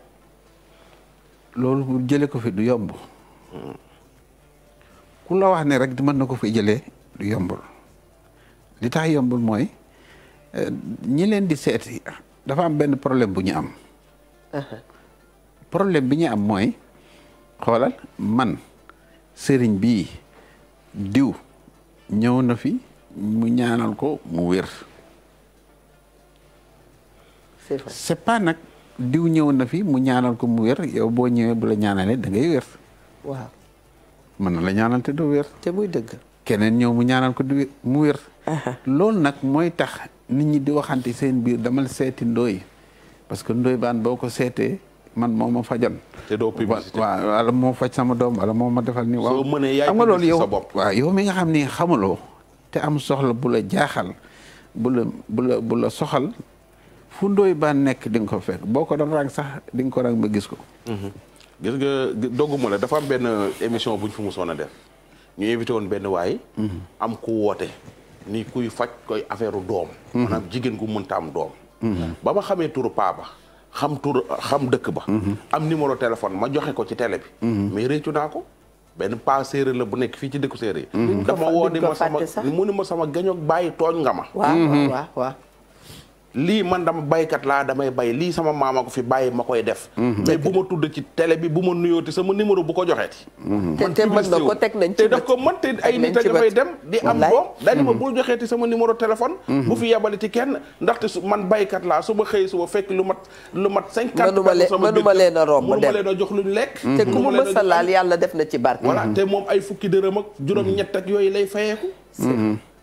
loolu bu jële ko fi du yomb ku la wax ne rek mën na ko fi jëlee du yombul li tax yombul mooy eh, ñi leen di seeti dafa am benn problème bu ñu am. Uh-huh. problème bi ñu am mooy xoolal man sëriñ bi diw ñëw na fi mu ñaanal ko mu wér. c'est pas nag diw ñëw na fi mu ñaanal ko mu wér boo ñëwee bula la ñaanalee da ngay wér. waaw. mën na la ñaanal te du wér. te muy dëgg. keneen ñëw mu ñaanal ko du mu wér. Uh-huh. loolu nag mooy tax. nit ñi di waxante seen biir damal seeti ndooy parce que ndooy baan boo ko seetee man moo ma fajan. te doo publicité waaw moo faj sama doom wala moo ma defal ni waaw xam nga loolu yow waaw yow mi nga xam ni xamuloo te am soxla bula jaaxal bu la soxal fu ndooy baan nekk di nga ko fekk boo ko doon rang sax di nga ko rang ba gis ko. Mhm. gis nga dogguma la dafa am benn émission buñ ñu fi musoon a def ñu invité woon benn waay. Mhm. am ku woote. ni kuy faj koy affaire doom maanaam jigéen gu mënta am doom ba ma xamee turu paa xam tur xam dëkk ba am numéro téléphone ma joxe ko ci télé bi mais réccu naa ko benn paa séeréer la bu nekk fii ci dëkku séeréer mm-hmm. dama woo ni ma sama mu ni ma sama gañoog bàyyi tooñ nga ma waaw waaw waaw lii man dama baykat laa damay bay lii sama maama ko fi bàyyi ma koy def mhm. mais bu ma tudd ci télé bi bu ma nuyooti sama numéro bu ko joxeeti mhm. te mën nga ko teg nañ ci te daf ko mën te ay nit a dafay dem di am ko dañu ma mhm. bul joxeeti sama numéro téléphone bu fi yebaliti kenn ndaxte su man baykat laa su ma xëy su ma fekk lu mat lu mat cinquante mënuma leen a romb mënuma leen a jox luñ lekk te ku ma mësa laal yàlla def na ci barke voilà te moom ay fukki dërëm ak juróom ñett ak yooyu lay fayeeku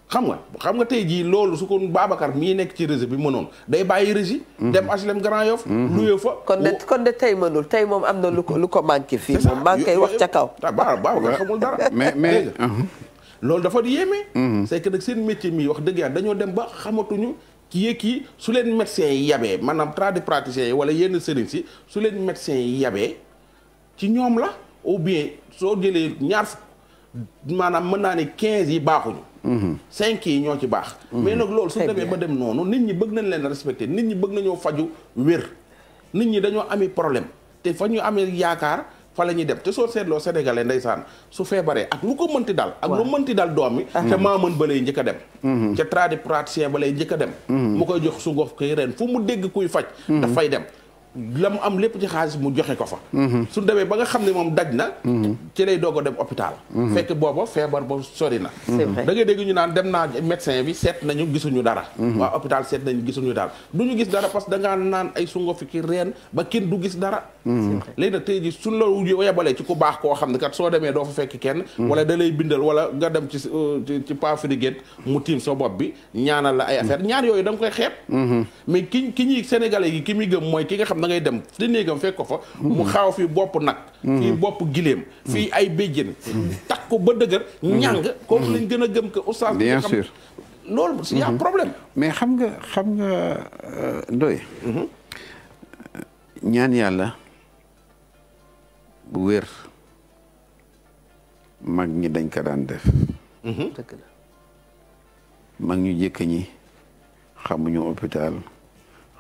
xam nga xam tey jii loolu su ko Babacar mii nekk ci réseau bi mënoon day bàyyi régie mhm. dem HLM Grand Yoff mhm. luye fa kon de kon de tey mënul tey moom am na lu ko lu ko fii moom maa ngi koy wax ca kaw ah, Babacar xamul dara mais mais uh-huh. loolu dafa di yéeme mhm. c'est seen métier mii wax dëgg yàlla dañoo dem ba xamatuñu kii kii su leen médecin yi yabee maanaam tradipraticiens yi wala yenn sëriñ si su leen médecin yi yabee ci ñoom la ou bien soo jëlee ñaar maanaam mën naa ne quinze yi baaxuñu cinq yi ñoo ci baax mm-hmm. mais nag loolu su demee ba dem noonu nit ñi bëgg nañ leen respecté nit ñi bëgg nañoo faju wér nit ñi dañoo ami problème te fa ñu amee yaakaar fa la ñuy dem te soo seetloo sénégalais ndeysaan su feebaree ak lu ko mënti dal ak lu mënti dal doom yi ca mm-hmm. mën ba lay njëkk a dem ca mm-hmm. tradipraticien ba lay njëkk a dem mu koy jox su ngof koy ren fu mu dégg kuy faj dafay dem la mu am lépp ci xaalis mu joxe ko fa mhm. su demee ba nga xam ne moom daj na mhm. ci lay doog a dem hôpital mhm. fekk booba feebar boobu sori na da ngay dégg ñu naan dem naa médecin bi seet nañu gisuñu dara waa hôpital seet nañu gisuñu dara du ñu gis dara parce que da ngaa naan ay sungo fi ki reen ba kenn du gis dara léegi nag tey suñ la yebalee ci ku baax koo xam ne kat soo demee doo fa fekk kenn wala da lay bindal wala nga dem ci euh, pas frigate mu tiim sa bopp bi ñaanal la ay affaire ñaar da nga ma ngay dem te néegam fekk fa mu xaw mm-hmm. fii bopp nag fii bopp giléem mm-hmm. fii ay béjjén mm-hmm. takk ko ba dëgër ñàng kooku lañ gën a gëm que oustaz bien sûr loolu y a problème mais xam nga xam nga euh, doy ñaan yàlla bu wér mag ñi dañ ko daan def dëgg la mag ñu jëkk ñi xamuñu hôpital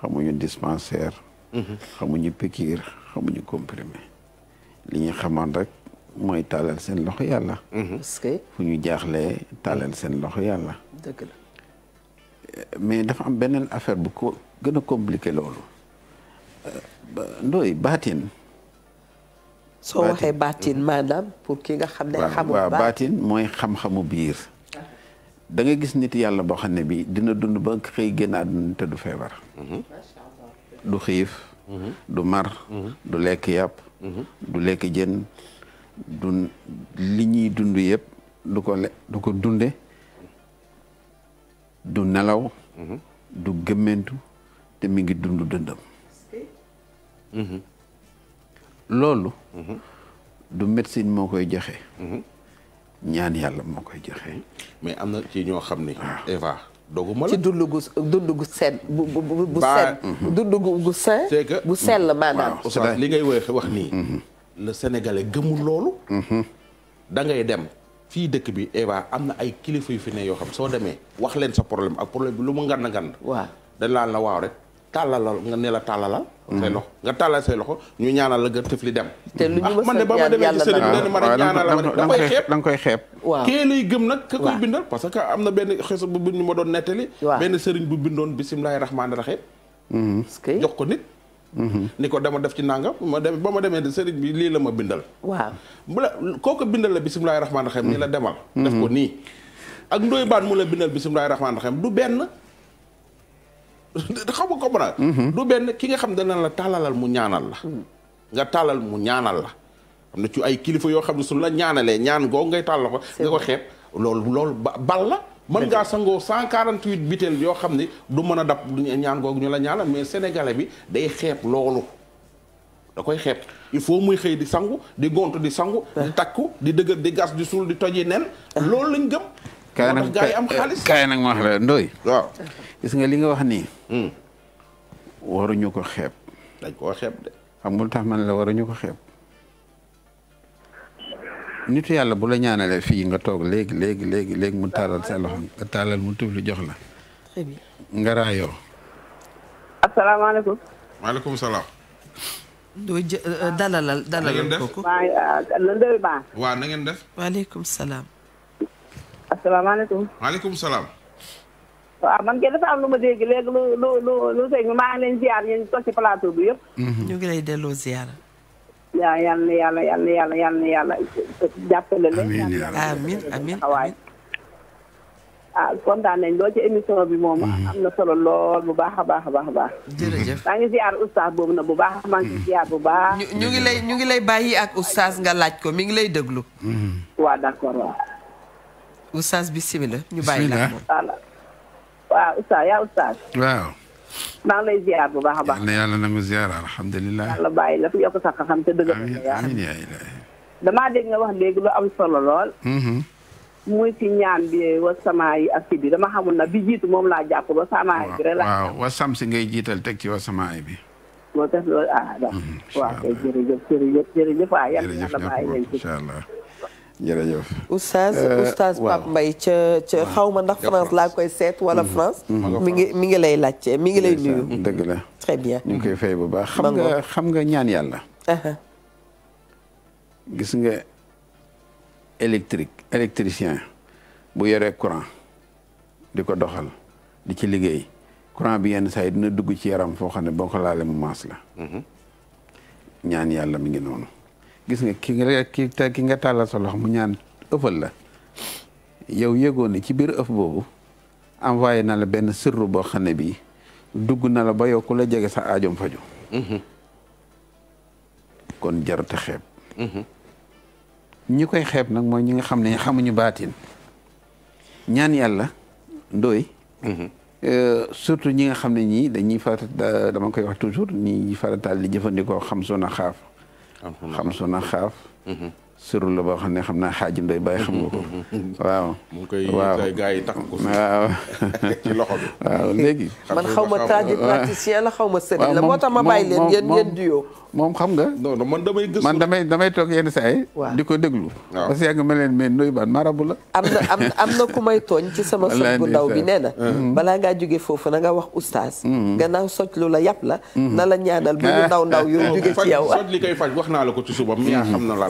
xamuñu dispensaire xamuñu pikiir xamuñu comprimé li ñu xamaan rek mooy taalal seen loxo yàlla. parce que fu ñu jaaxlee taalal seen loxo yàlla. dëgg mais dafa am beneen affaire bu ko gën a compliqué loolu. Euh, ndooy baatin. soo waxee baatin maanaam pour ki nga xam ne. xamul baatin mooy xam-xamu biir. da gis nit yàlla boo xam ne bii dina dund ba xëy génn àdduna te du feebar. Mhm. du xiif mhm. du mar mhm. du lekk yàpp mhm. du lekk jën du li ñuy dund yëpp du ko le du ko dunde du nelaw du gëmmentu te mingi dundu dund dëndam loolu du médecine moo koy joxe ñaan yàlla moo koy joxe mais am na ñoo xam ni ah. doguma la ci dund gu dund gu sedd bu bu bu bu sedd. Mhm. dund gu bu sell mhm. maanaam. waaw li ngay wax nii. la mhm. sénégalais gëmul loolu. da ngay dem fii dëkk bi Eva am na ay kilifa yu fi ne yoo xam soo demee wax leen sa problème ak problème bi lu mu ngan ngan. waaw dañ laan la waaw rek. tàllalal nga ne la tàllalal mm-hmm. say loxo nga tàllal say loxo ñu ñaanal la nga tëfli dem te lu ñu ah, a ba ma demee ci sëriñ bi dañu ma rek koy xeeb da nga koy lay gëm nag bindal parce que am na benn xes bu ma doon nettali benn sëriñ bu bindoon bisimilahi rahmaani rahim mm-hmm. jox ko nit mm-hmm. ni ko dama def ci nangam ma dem ba ma demee sëriñ bi lii la ma bindal waaw bu la kooku bindal la bisimilahi rahmaani rahim nii la demal def ko nii ak ndoy baan mu la bindal bisimilahi rahmaani rahim du benn xam nga comprendre mm-hmm. du benn ki nga xam dana la tàllalal mu ñaanal la mm. nga tàllal mu ñaanal la am ci ay kilifa yoo xam ne suñu la ñaanalee ñaan googu ngay tàllal ko nga ko xeeb loolu loolu bal la man ngaa sangoo 148 biteel yoo xam ne du mën a dab ñaan googu ñu la ñaanal mais sénégalais bi day xeeb loolu da koy xeeb il faut muy xëy di sangu di gont di sangu di ah. takku di dëgër di gas di suul di toji nen ah. loolu lañ gëm moo tax am xaalis kaay nag ma wax la ndooy gis nga li nga wax nii. Hmm. waruñu ko xeeb. dañ koo xeeb de. xam nga lu tax man la waruñu ko xeeb. nitu yàlla bu la ñaanalee fii nga toog léegi léegi léegi léegi mu taalal sa loxo nga taalal mu lu jox la. ngara yo asalaamaaleykum. maaleykum salaam. doo jë euh, euh, dalalal dalalal kooku. na ngeen def. Euh, waaw na ngeen def. waaleykum salaam. asalaamaaleykum. maaleykum salaam. waaw man kay dafa am lu ma dégg léegi lu lu lu lu sëñ bi maa ngi leen ziar ñu toog ci plateau bi yëpp. Mhm. ñu ngi lay delloo ziar. yaa yal na yàlla yal na yàlla yal na yàlla jàppale leen. amiin amiin waaye. ah kontaan nañ loo ci émission bi moom. Mhm. am na solo lool bu baax a baax a baax a baax. jërëjëf maa ngi ziar oustaz boobu nag bu baax. Mhm. maa ngi ziar bu baax. ñu ngi lay ñu ngi lay bàyyi ak oustaz nga laaj ko mi ngi lay déglu. waaw d'accord waaw. oustaz bisimilah. ñu bàyyi la ak moom waaw oustaz yaa oustaz. waaw. maa ngi lay ziar bu baax a baax. yal na yàlla nangu ziar alhamdulilah. yàlla bàyyi la fi yokk sax xam te dëgg. amiin amiin yaa ilaah. damaa dégg nga wax léegi lu am solo lool. Mm-hmm. muy ci ñaan bi wa samaa yi ak ci bi dama xamul nag bi jiitu moom laa jàpp ba samaa yi bi rek laa waaw wa sam si ngay jiital teg ci wa samaa bi. moo tax loolu ah. incha mm-hmm, waaw kay jërëjëf jërëjëf jërëjëf waaw yal na allah. jërëjëf oustaz euh, oustaz Pape Mbaye ca ca ah, xaw ma ndax France laa koy seet wala mm-hmm. France mm-hmm. mi ngi mi ngi lay laajte mi ngi lay nuyu dëgg la très bien ñu ngi koy fay bu baax xam nga xam nga ñaan yàlla uh-huh. gis nga électrique électricien bu yoree courant di ko doxal di ci liggéey courant bi yenn saa yi dina dugg ci yaram foo xam ne boo ko mu maas la mm-hmm. ñaan yàlla mi ngi noonu gis nga ki nga ki ki nga tàllal sa loxo mu ñaan ëffal la yow yëgoon ne ci biir ëf boobu envoyé na la benn sirru boo xam ne bii dugg na la ba yow ku la jege sax ajoom faju mhm. kon jarut a mhm. ñi koy xeeb nag mooy ñi nga xam ne xamuñu baatin ñaan yàlla ndooy mhm. euh, surtout ñi nga xam ne ñii dañuy farata dama koy wax toujours ñi farataal li jëfandikoo xam soon a xaaf xam suna xaaf mm-hmm. sërul la boo xam ne xam naa xaaji ndoy bàyyi xam nga ko. waaw mu koy yitay gars yi takk loxo bi. waaw léegi. man xaw ma taaj praticien la xaw ma sëriñ la moo ma bàyyi leen yéen yéen duyoo. moom xam nga. non man damay gëstu man damay damay toog yenn saa yi. di ko déglu. waaw parce que yàgg ma leen marabu la. am na am am may tooñ ci sama soj bu ndaw bi mm-hmm. balaa ngaa jóge foofu na nga wax oustaz. Mm-hmm. gannaaw soj lu la yàpp la. Mm-hmm. na la ñaanal bu ñu ndaw ndaw yu jóge ci yow. wax naa la ko ci suba mi xam na la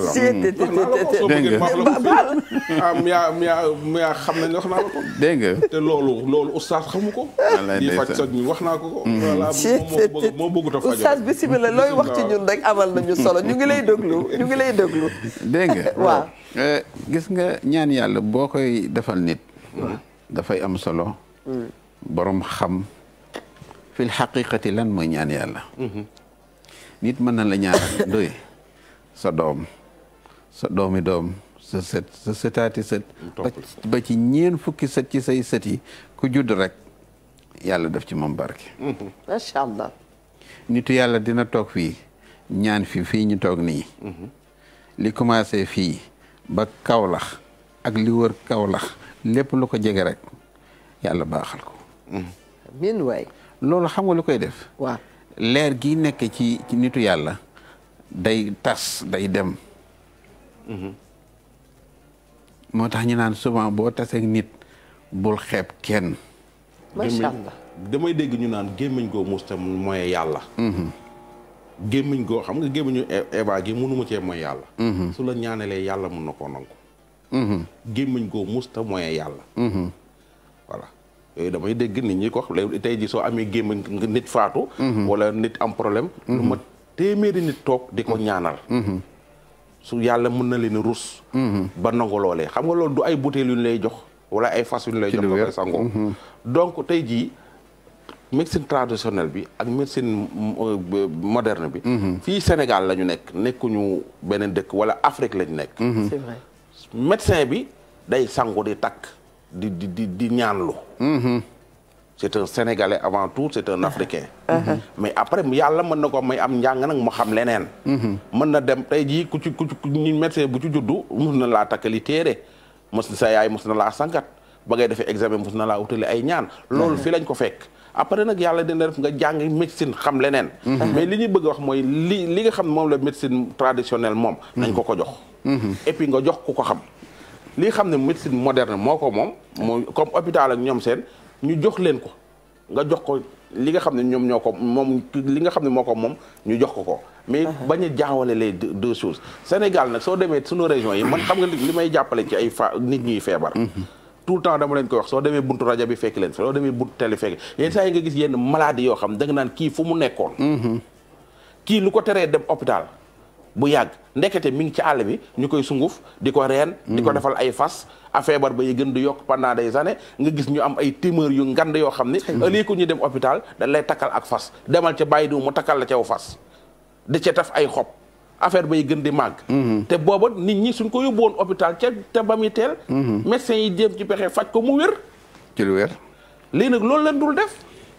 miyaa miyaa miyaa xam nañ wax naa la te loolu loolu oustaz xamu ko. ñi faj wax naa ko ko. Mm. voilà a fajoo looy wax ci amal nañu solo ñu ngi lay déglu ñu ngi nga waaw. Eh, gis nga ñaan yàlla boo koy defal nit. dafay am solo. Mm. boroom xam. fil xaqiqati lan mooy ñaan yàlla. Mm-hmm. nit mën na la ñaanal ndoy sa doom. sa doomi doom sa sët sa sëtaati sët ba ci ñeen fukki sët ci say sët yi ku judd rek yàlla def ci moom barke mm-hmm. macha nitu yàlla dina toog fii ñaan fi fii ñu toog nii mm-hmm. li commencé fii ba kawlax ak li wër kawlax lépp lu ko jege rek yàlla baaxal ko mm-hmm. min loolu xam nga lu koy def waaw leer gi nekk ci ci nitu yàlla day tas day dem Mm-hmm. moo tax ñu naan souvent boo taseeg nit bul xeeb kenn. macha allah damay dégg ñu naan gémmiñ goo muus tam mooy yàlla. Mm-hmm. gémmiñ goo xam nga gémmiñu e- Eva gi mënu ma cee mooy yàlla. Mm-hmm. su la ñaanalee yàlla mun na koo nangu. gémmiñ goo muus tam mooy yàlla. voilà yooyu damay dégg nit ñi ko tey jii soo amee gémmiñ nit faatu. wala nit am problème. lu ma téeméeri nit toog di ko ñaanal. su yàlla mën na leen rus mhm. ba nangu loolee xam nga lool du ay butéel yu ñu lay jox wala ay fas yu ñu lay jox ba mhm. donc tey jii médecine traditionnelle bi ak médecine euh, moderne bi mhm. fii Sénégal la ñu nekk nekkuñu beneen dëkk wala Afrique la ñu nekk médecin bi day sangu di takk di di di di c'est un avant tout c'est un uh-huh. africain uh-huh. mais après yàlla mën na ko may am njàng nag mu xam leneen uh-huh. mën na dem tey jii ku ci ku ci médecin bu ci juddu mën na laa takkali téere mës sa yaay mës na laa sangat ba ngay defee examen mës na laa utali ay ñaan lool fi lañ ko fekk après nag yàlla dina def nga jàng médecine xam leneen mais li ñuy bëgg wax mooy li li nga xam moom la médecine traditionnelle moom nañ ko ko jox et puis nga jox ku ko xam li xam ne médecine moderne moo ko moom mooy comme hôpital ak ñoom seen ñu jox leen ko nga jox ko li nga xam ne ñoom ñoo ko moom li nga xam ne ko moom ñu jox ko ko. mais uh-huh. bañ a jaawale les deux choses. Sénégal nag soo demee sunu région yi man xam nga li may jàppale ci ay fa nit ñuy feebar. Uh-huh. tout le temps dama leen koy wax soo demee buntu rajo bi fekk leen soo demee buntu télé fekk yenn saa yi nga gis yenn maladie yoo xam da nga naan kii fu mu nekkoon. Uh-huh. kii lu ko teree dem hôpital. bu yàgg ndekete mi ngi ci àll bi ñu koy sunguf di ko reen di ko mm. defal ay fas a ba yi gën di yokk pendant des années nga gis ñu am ay tumeur yu ngande yoo xam ne lii ko ñu dem hôpital dañ lay takkal ak fas demal ca bàyyi diw mu takkal la caw fas di ca taf ay xob affaire bay gën di màgg mm-hmm. te booba nit ñi suñ ko yóbbuwoon hôpital ca te ba muy teel mm-hmm. médecins yi jéem ci pexe faj ko mu wér ci wér léegi nag loolu leen dul def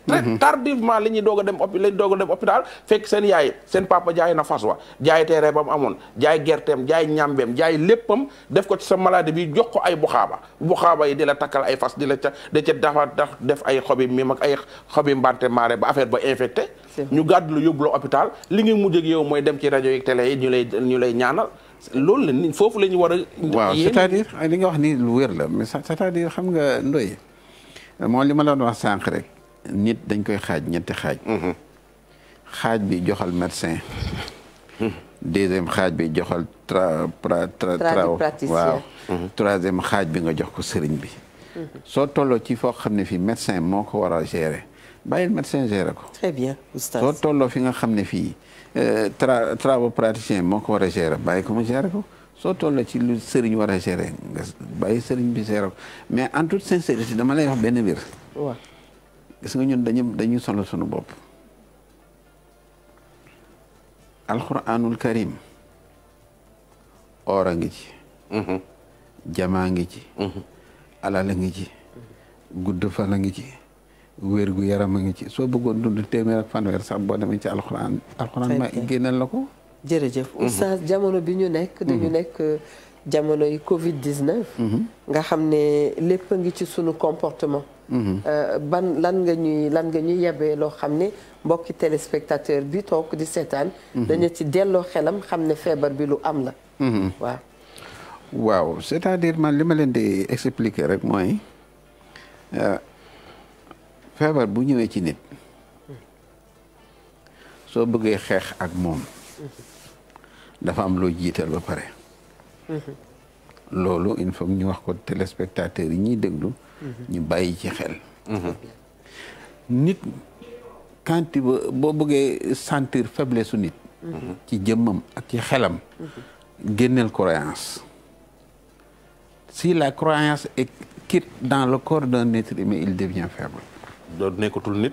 très mhm. tardivement la ñuy doog dem op la ñuy doog a dem hôpital fekk seen yaay seen papa jaay na fas wa jaay teere bam amoon jaay gerteem jaay ñambeem jaay léppam def ko ci sa maladie bi jox ko ay bu xaaba bu xaaba yi di la takkal ay fas di la ca di ca dafa tax def ay xobi mim ak ay xobi mbante maare ba affaire ba infecté ñu gàddu la yóbbu la hôpital li ngay mujj ak yow mooy dem ci rajo yi télé ñu lay ñu lay ñaanal loolu la nit foofu la ñu war a. waaw c'est-à-dire li nga wax ni lu wér la mais c'est-à-dire xam nga ndoy moom li ma la doon wax nit dañ koy xaaj ñetti xaaj mhm. xaaj bi joxal médecin deuxième xaaj bi joxal tra tradupraticien waaw mhm. troisième xaaj bi nga jox ko sëriñ bi mhm. soo tolloo ci foo xam ne fii médecin moo ko war a gérer bàyyil médecin gérer ko très bien oustaz soo tolloo fi nga xam ne fii euh, tra travopraticien moo ko war a gérer bàyyi ko mu gérer soo tolloo ci lu sëriñ war a gérer nga bàyyi sëriñ bi gérer ko mais en toute sincérité dama lay wax benn mbir gis nga ñun dañu dañuy solo sunu bopp alquranul karim oor a ngi ci mm-hmm. jamaa ngi ci mm-hmm. alal a ngi ci gudd fan a ngi ci wér gu yaram a ngi ci soo bëggoon dund téeméer ak sax ci alxuraan alxuraan la ko jërëjëf mm-hmm. oustaz jamono bi ñu nekk dañu nekk euh, jamono yi covid 19 nga xam ne lépp a ngi ci sunu comportement Euh, ban lan nga ñuy lan nga ñuy yebbee loo xam ne mbokki téléspectateur bi toog di seetaan. Mhm. dañu ci delloo xelam xam ne feebar bi lu am la. Mhm. waaw. waaw c'est-à-dire man li ma leen di expliquer rek mooy euh, feebar bu ñëwee ci nit soo bëggee xeex ak moom dafa am loo jiital ba pare. Mhm. loolu il foog ñu wax ko téléspectateur yi ñuy déglu. ñu bàyyi ci xel. Mhm. nit quand boo bëggee sentir faiblesse su nit. Mhm. ci jëmmam ak ci xelam. Mhm. génneel croyance. si la croyance est dans le corps d'un être il devient faible. doo nekkatul nit.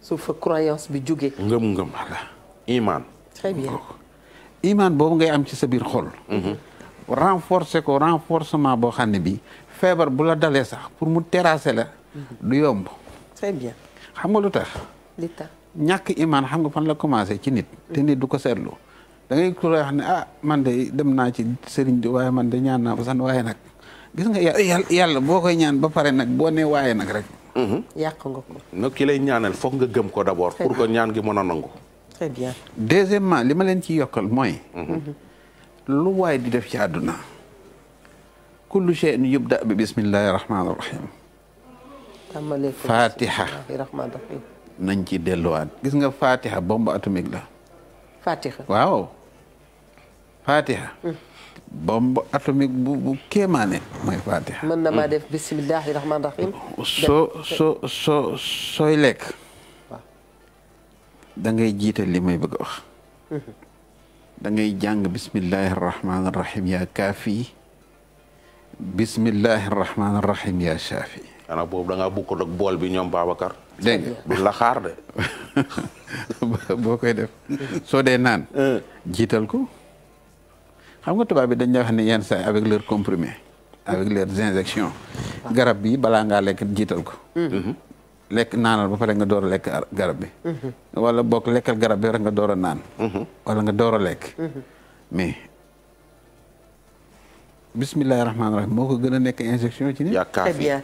su fa croyance bi jógee. ngëm-ngëm la iman. boobu ngay am ci sa biir xol. renforcer ko renforcement boo xam ne bi feebar bu la dalee sax pour mu terrasser la. Mhm. du yomb. très xam nga lu tax. li ñàkk imaan xam nga fan la commencé ci nit. te mhm. nit du ko seetlu. da ngay ko wax ne ah man de dem naa ci sëriñ bi waaye man de ñaan naa ba san waaye nag gis nga yàlla yàlla boo koy ñaan ba pare nag boo nee waaye nag rek. Mhm. yàq nga ko. nag ki lay ñaanal foog nga gëm ko d'abord. pour ko ñaan gi mën a nangu. très bien. deuxièmement li ma leen ci yokkal mooy. lu waay di def ci àdduna. kullu shay'in yubda bi bismillahi rahmaani rahim ci delluwaat gis nga fatiha bombe atomique la fatiha waaw fatiha hmm. bombe atomique bu bu kéemaane mooy soo soo soo sooy lekk da ngay may bëgg a wax hmm. da ngay jàng bismillahi yaa kaafi bismillahi rahmaani rahim yaa shaafi. xanaa boobu da bukk ak bool bi ñoom Babacar. dégg nga la xaar de. boo koy def soo dee naan. Eh. jiital ko. xam nga tubaab bi dañ lay wax ne yenn saa avec leur comprimé avec leurs injections garab bi balaa ngaa lekk jiital ko. Mm-hmm. lekk naanal ba pare nga door a lekk garab bi. Mm-hmm. wala bokk lekkal garab bi rek nga door a naan. Mm-hmm. wala nga door a lekk mais. bismillahi rahmaani rahim moo ko gën a nekk injection ci nit. très bien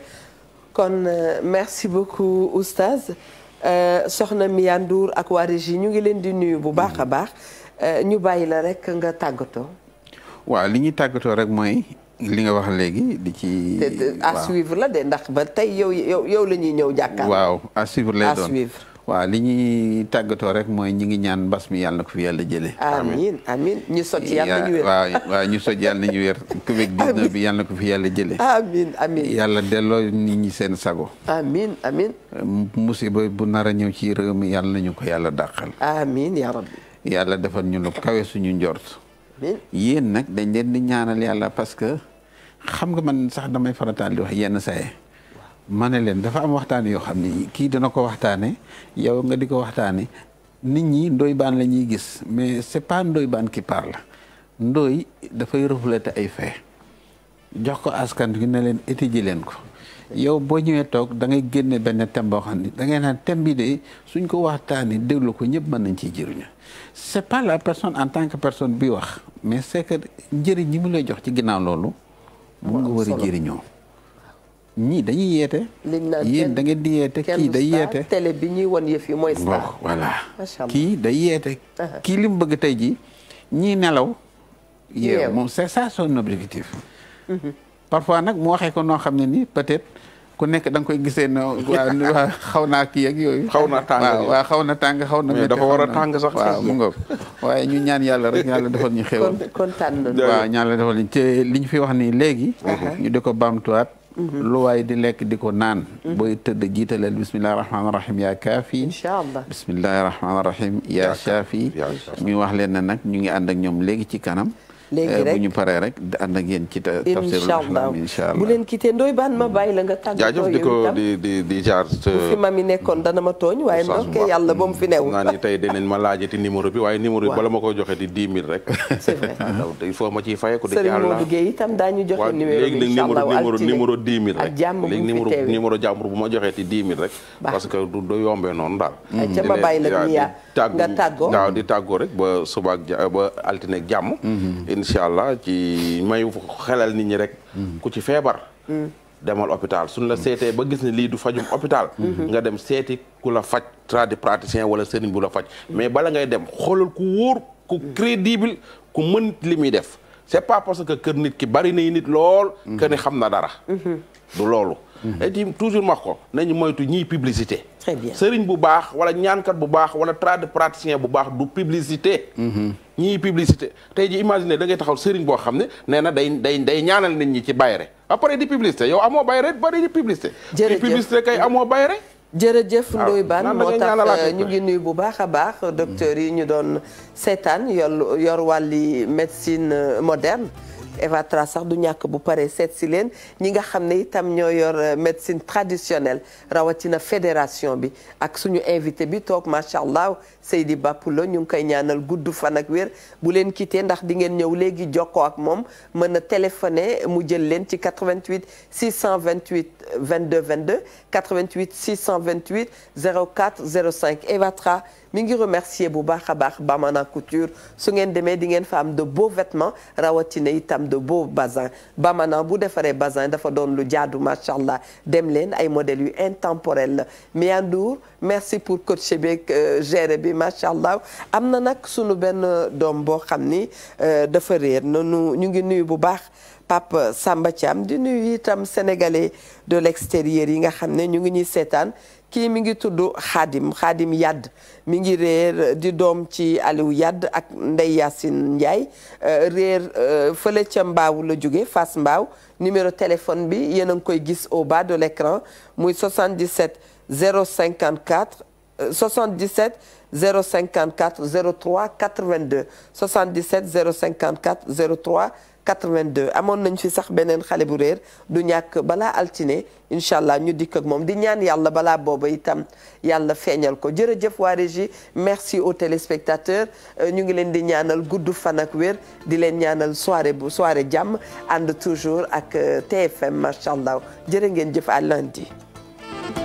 kon euh, merci beaucoup oustaz euh, soxna Miya Ndour ak waa régie ñu ngi leen di nuyu bu baax a mm. baax euh, ñu bàyyi la rek nga tàggatoo. waaw li ñuy tàggatoo rek mooy li nga wax léegi di ci. à suivre la de ndax ba tey yow yow yow la ñuy ñëw jàkkaar. waaw à suivre lay doon waaw li ñuy tàggatoo rek mooy ñi ngi ñaan mbas mi yàlla na ko fi yàlla jëlee. amiin amiin ñu sotti yàlla nañu ñu sotti yàlla nañu wér. Covid 19 yàlla jëlee. amiin yàlla delloo nit ñi seen sago. amiin amiin. musiba bu nar a ñëw ci réew mi yàlla nañu ko yàlla dàqal. amiin yaa yàlla defal ñu lu kawe suñu njort. yéen nag dañ leen di ñaanal yàlla parce que xam nga man sax damay farataal di wax yenn saa ma ne leen dafa am waxtaan yoo xam ne kii dana ko waxtaane yow nga di ko waxtaane nit ñi Ndoye Bane la ñuy gis mais c'est pas Ndoye Bane qui parle Ndoye dafay refléter ay fait jox ko askan wi ne leen ji leen ko yow boo ñëwee toog da ngay génne benn thème boo xam ne da ngay naan thème bi de suñ ko waxtaanee déglu ko ñëpp mën nañ ciy jëriñu c'est pas la personne en tant que personne bi wax mais c'est que njëriñ ñi mu lay jox ci ginnaaw loolu. mu nga war a jëriñoo. ñii dañuy yeete. liñ naan yéen da ngeen di yeete kii day yeete. télé bi ñuy won yëf yi mooy star. voilà kii day yeete. kii li mu bëgg tey jii ñii nelaw. yeew moom c'est ça son objectif. Mhm. parfois nag mu waxee ko noo xam ne nii peut-être ku nekk da koy gisee ne xaw naa ki ak yooyu. xaw na tàng waaw waaw xaw na tàng xaw na. mais dafa war a tàng sax waaw mu ngoog waaye ñu ñaan yàlla rek yàlla defal ñu xéwal. kontaan nañu ñaan la defal ñu te li fi wax nii léegi. Mhm. ñu di ko baamtuwaat. Mhm. lu waay di lekk di ko naan mhm. booy tëdd jiitaleel bismillahi rahmaani rahim yaa kaafi inchaallah bismillahi rahmaani rahim yaa shaafi ñu wax leen ne nag ñu ngi ànd ak ñoom léegi ci kanam léegi eh, rek bu ñu paree rek di ànd ak yéen ci tafsirul ahlam incha allah bu leen kitee ndoy baan ma bàyyi la nga tàggatoo jaajëf di ko di di di jaar fi ma nekkoon dana ma tooñ waaye ndokke yàlla ba mu fi new naa ni tey dinañ ma laajati numéro bi waaye numéro bala ma koy joxe di dix mille rek c'est vrai il faut ma ciy fayeku di sëriñ Modou Gueye itam daañu joxe numéro bu ma joxee ti dix mille rek parce que du do yombee noonu daal ca mm. ma bàyyi la tàggoo nga tàggoo waaw di tàggoo rek ba suba ak ba altine jàmm. Mm-hmm. incha allah ci may xelal nit ñi rek. Mm-hmm. ku ci feebar. Mm-hmm. demal hôpital suñ la seetee ba gis ne lii du fajum hôpital. nga dem seeti ku la faj tradipraticien wala sëriñ bu faj. mais bala ngay dem xoolal ku wóor ku crédible ku mën li muy def c'est pas parce que kër nit ki bari na nit lool. que ni xam na dara. du loolu. Mm-hmm. et puis toujours ma ko nañu moytu ñiy publicité. très bien sëriñ bu baax wala ñaankat bu baax wala tradipraticien bu baax du publicité. Mm-hmm. ñii publicité tey ji imaginer da ngay taxaw sëriñ boo xam ne nee na day day day ñaanal nit ñi ci bayre après di publicité yow amoo bayre bari di publicité. jërëjëf di publicité kay amoo bayre jërëjëf ah, Ndoye Bane moo tax euh, ñu ngi nuyu bu baax a baax docteurs yi ñu doon seetaan yor yor wàlli médecine euh, moderne. Eva Tra sax du ñàkk bu paree seet si leen ñi nga xam ne itam ñoo yor euh, médecine traditionnelle rawatina fédération bi ak suñu invité bi toog macha allah. Seydi Bappulo ñu ngi koy ñaanal gudd fan ak wér bu leen quitté ndax di ngeen ñëw léegi jokkoo ak moom mën a téléphoné mu jël leen ci 88 628 vingt 22 88 628 04 cinq Evatra mi ngi remercier bu baax a baax Bamana Couture su ngeen demee di ngeen fa am de beaux vêtements rawatina itam de beaux bazin Bamana bu defaree bazin dafa doon lu jaadu macha allah dem leen ay modèles yu intemporels la Miandour merci pour coacher beeg euh, gérer bi. macha allah am na nag sunu benn doom boo xam ni euh, dafa réer nanu ñu ngi nuyu bu baax Pape Samba Thiam di nuyu itam sénégalais de l'extérieur yi nga xam ne ñu ngi ñuy seetaan kii mi ngi tudd Xaadim Xaadim Yadd mi ngi réer di doom ci Aliou Yadd ak Ndey Yacine Ndiaye euh, réer euh, fële ca Mbaaw la jóge fas Mbaaw numéro téléphone bi yéen a ngi koy gis au bas de l'écran muy 77 054 77 054 03 82 77 054 03 82 amoon nañ fi sax beneen xale bu réer du ñàkk balaa altine incha allah ñu dikk ak moom di ñaan yàlla balaa booba itam yàlla feeñal ko jërëjëf waa régie merci aux téléspectateurs euh, ñu ngi leen di ñaanal gudd fan ak wér di leen ñaanal soirée bu soirée jàmm ànd toujours ak euh, TFM macha allah jërë ngeen jëf à lundi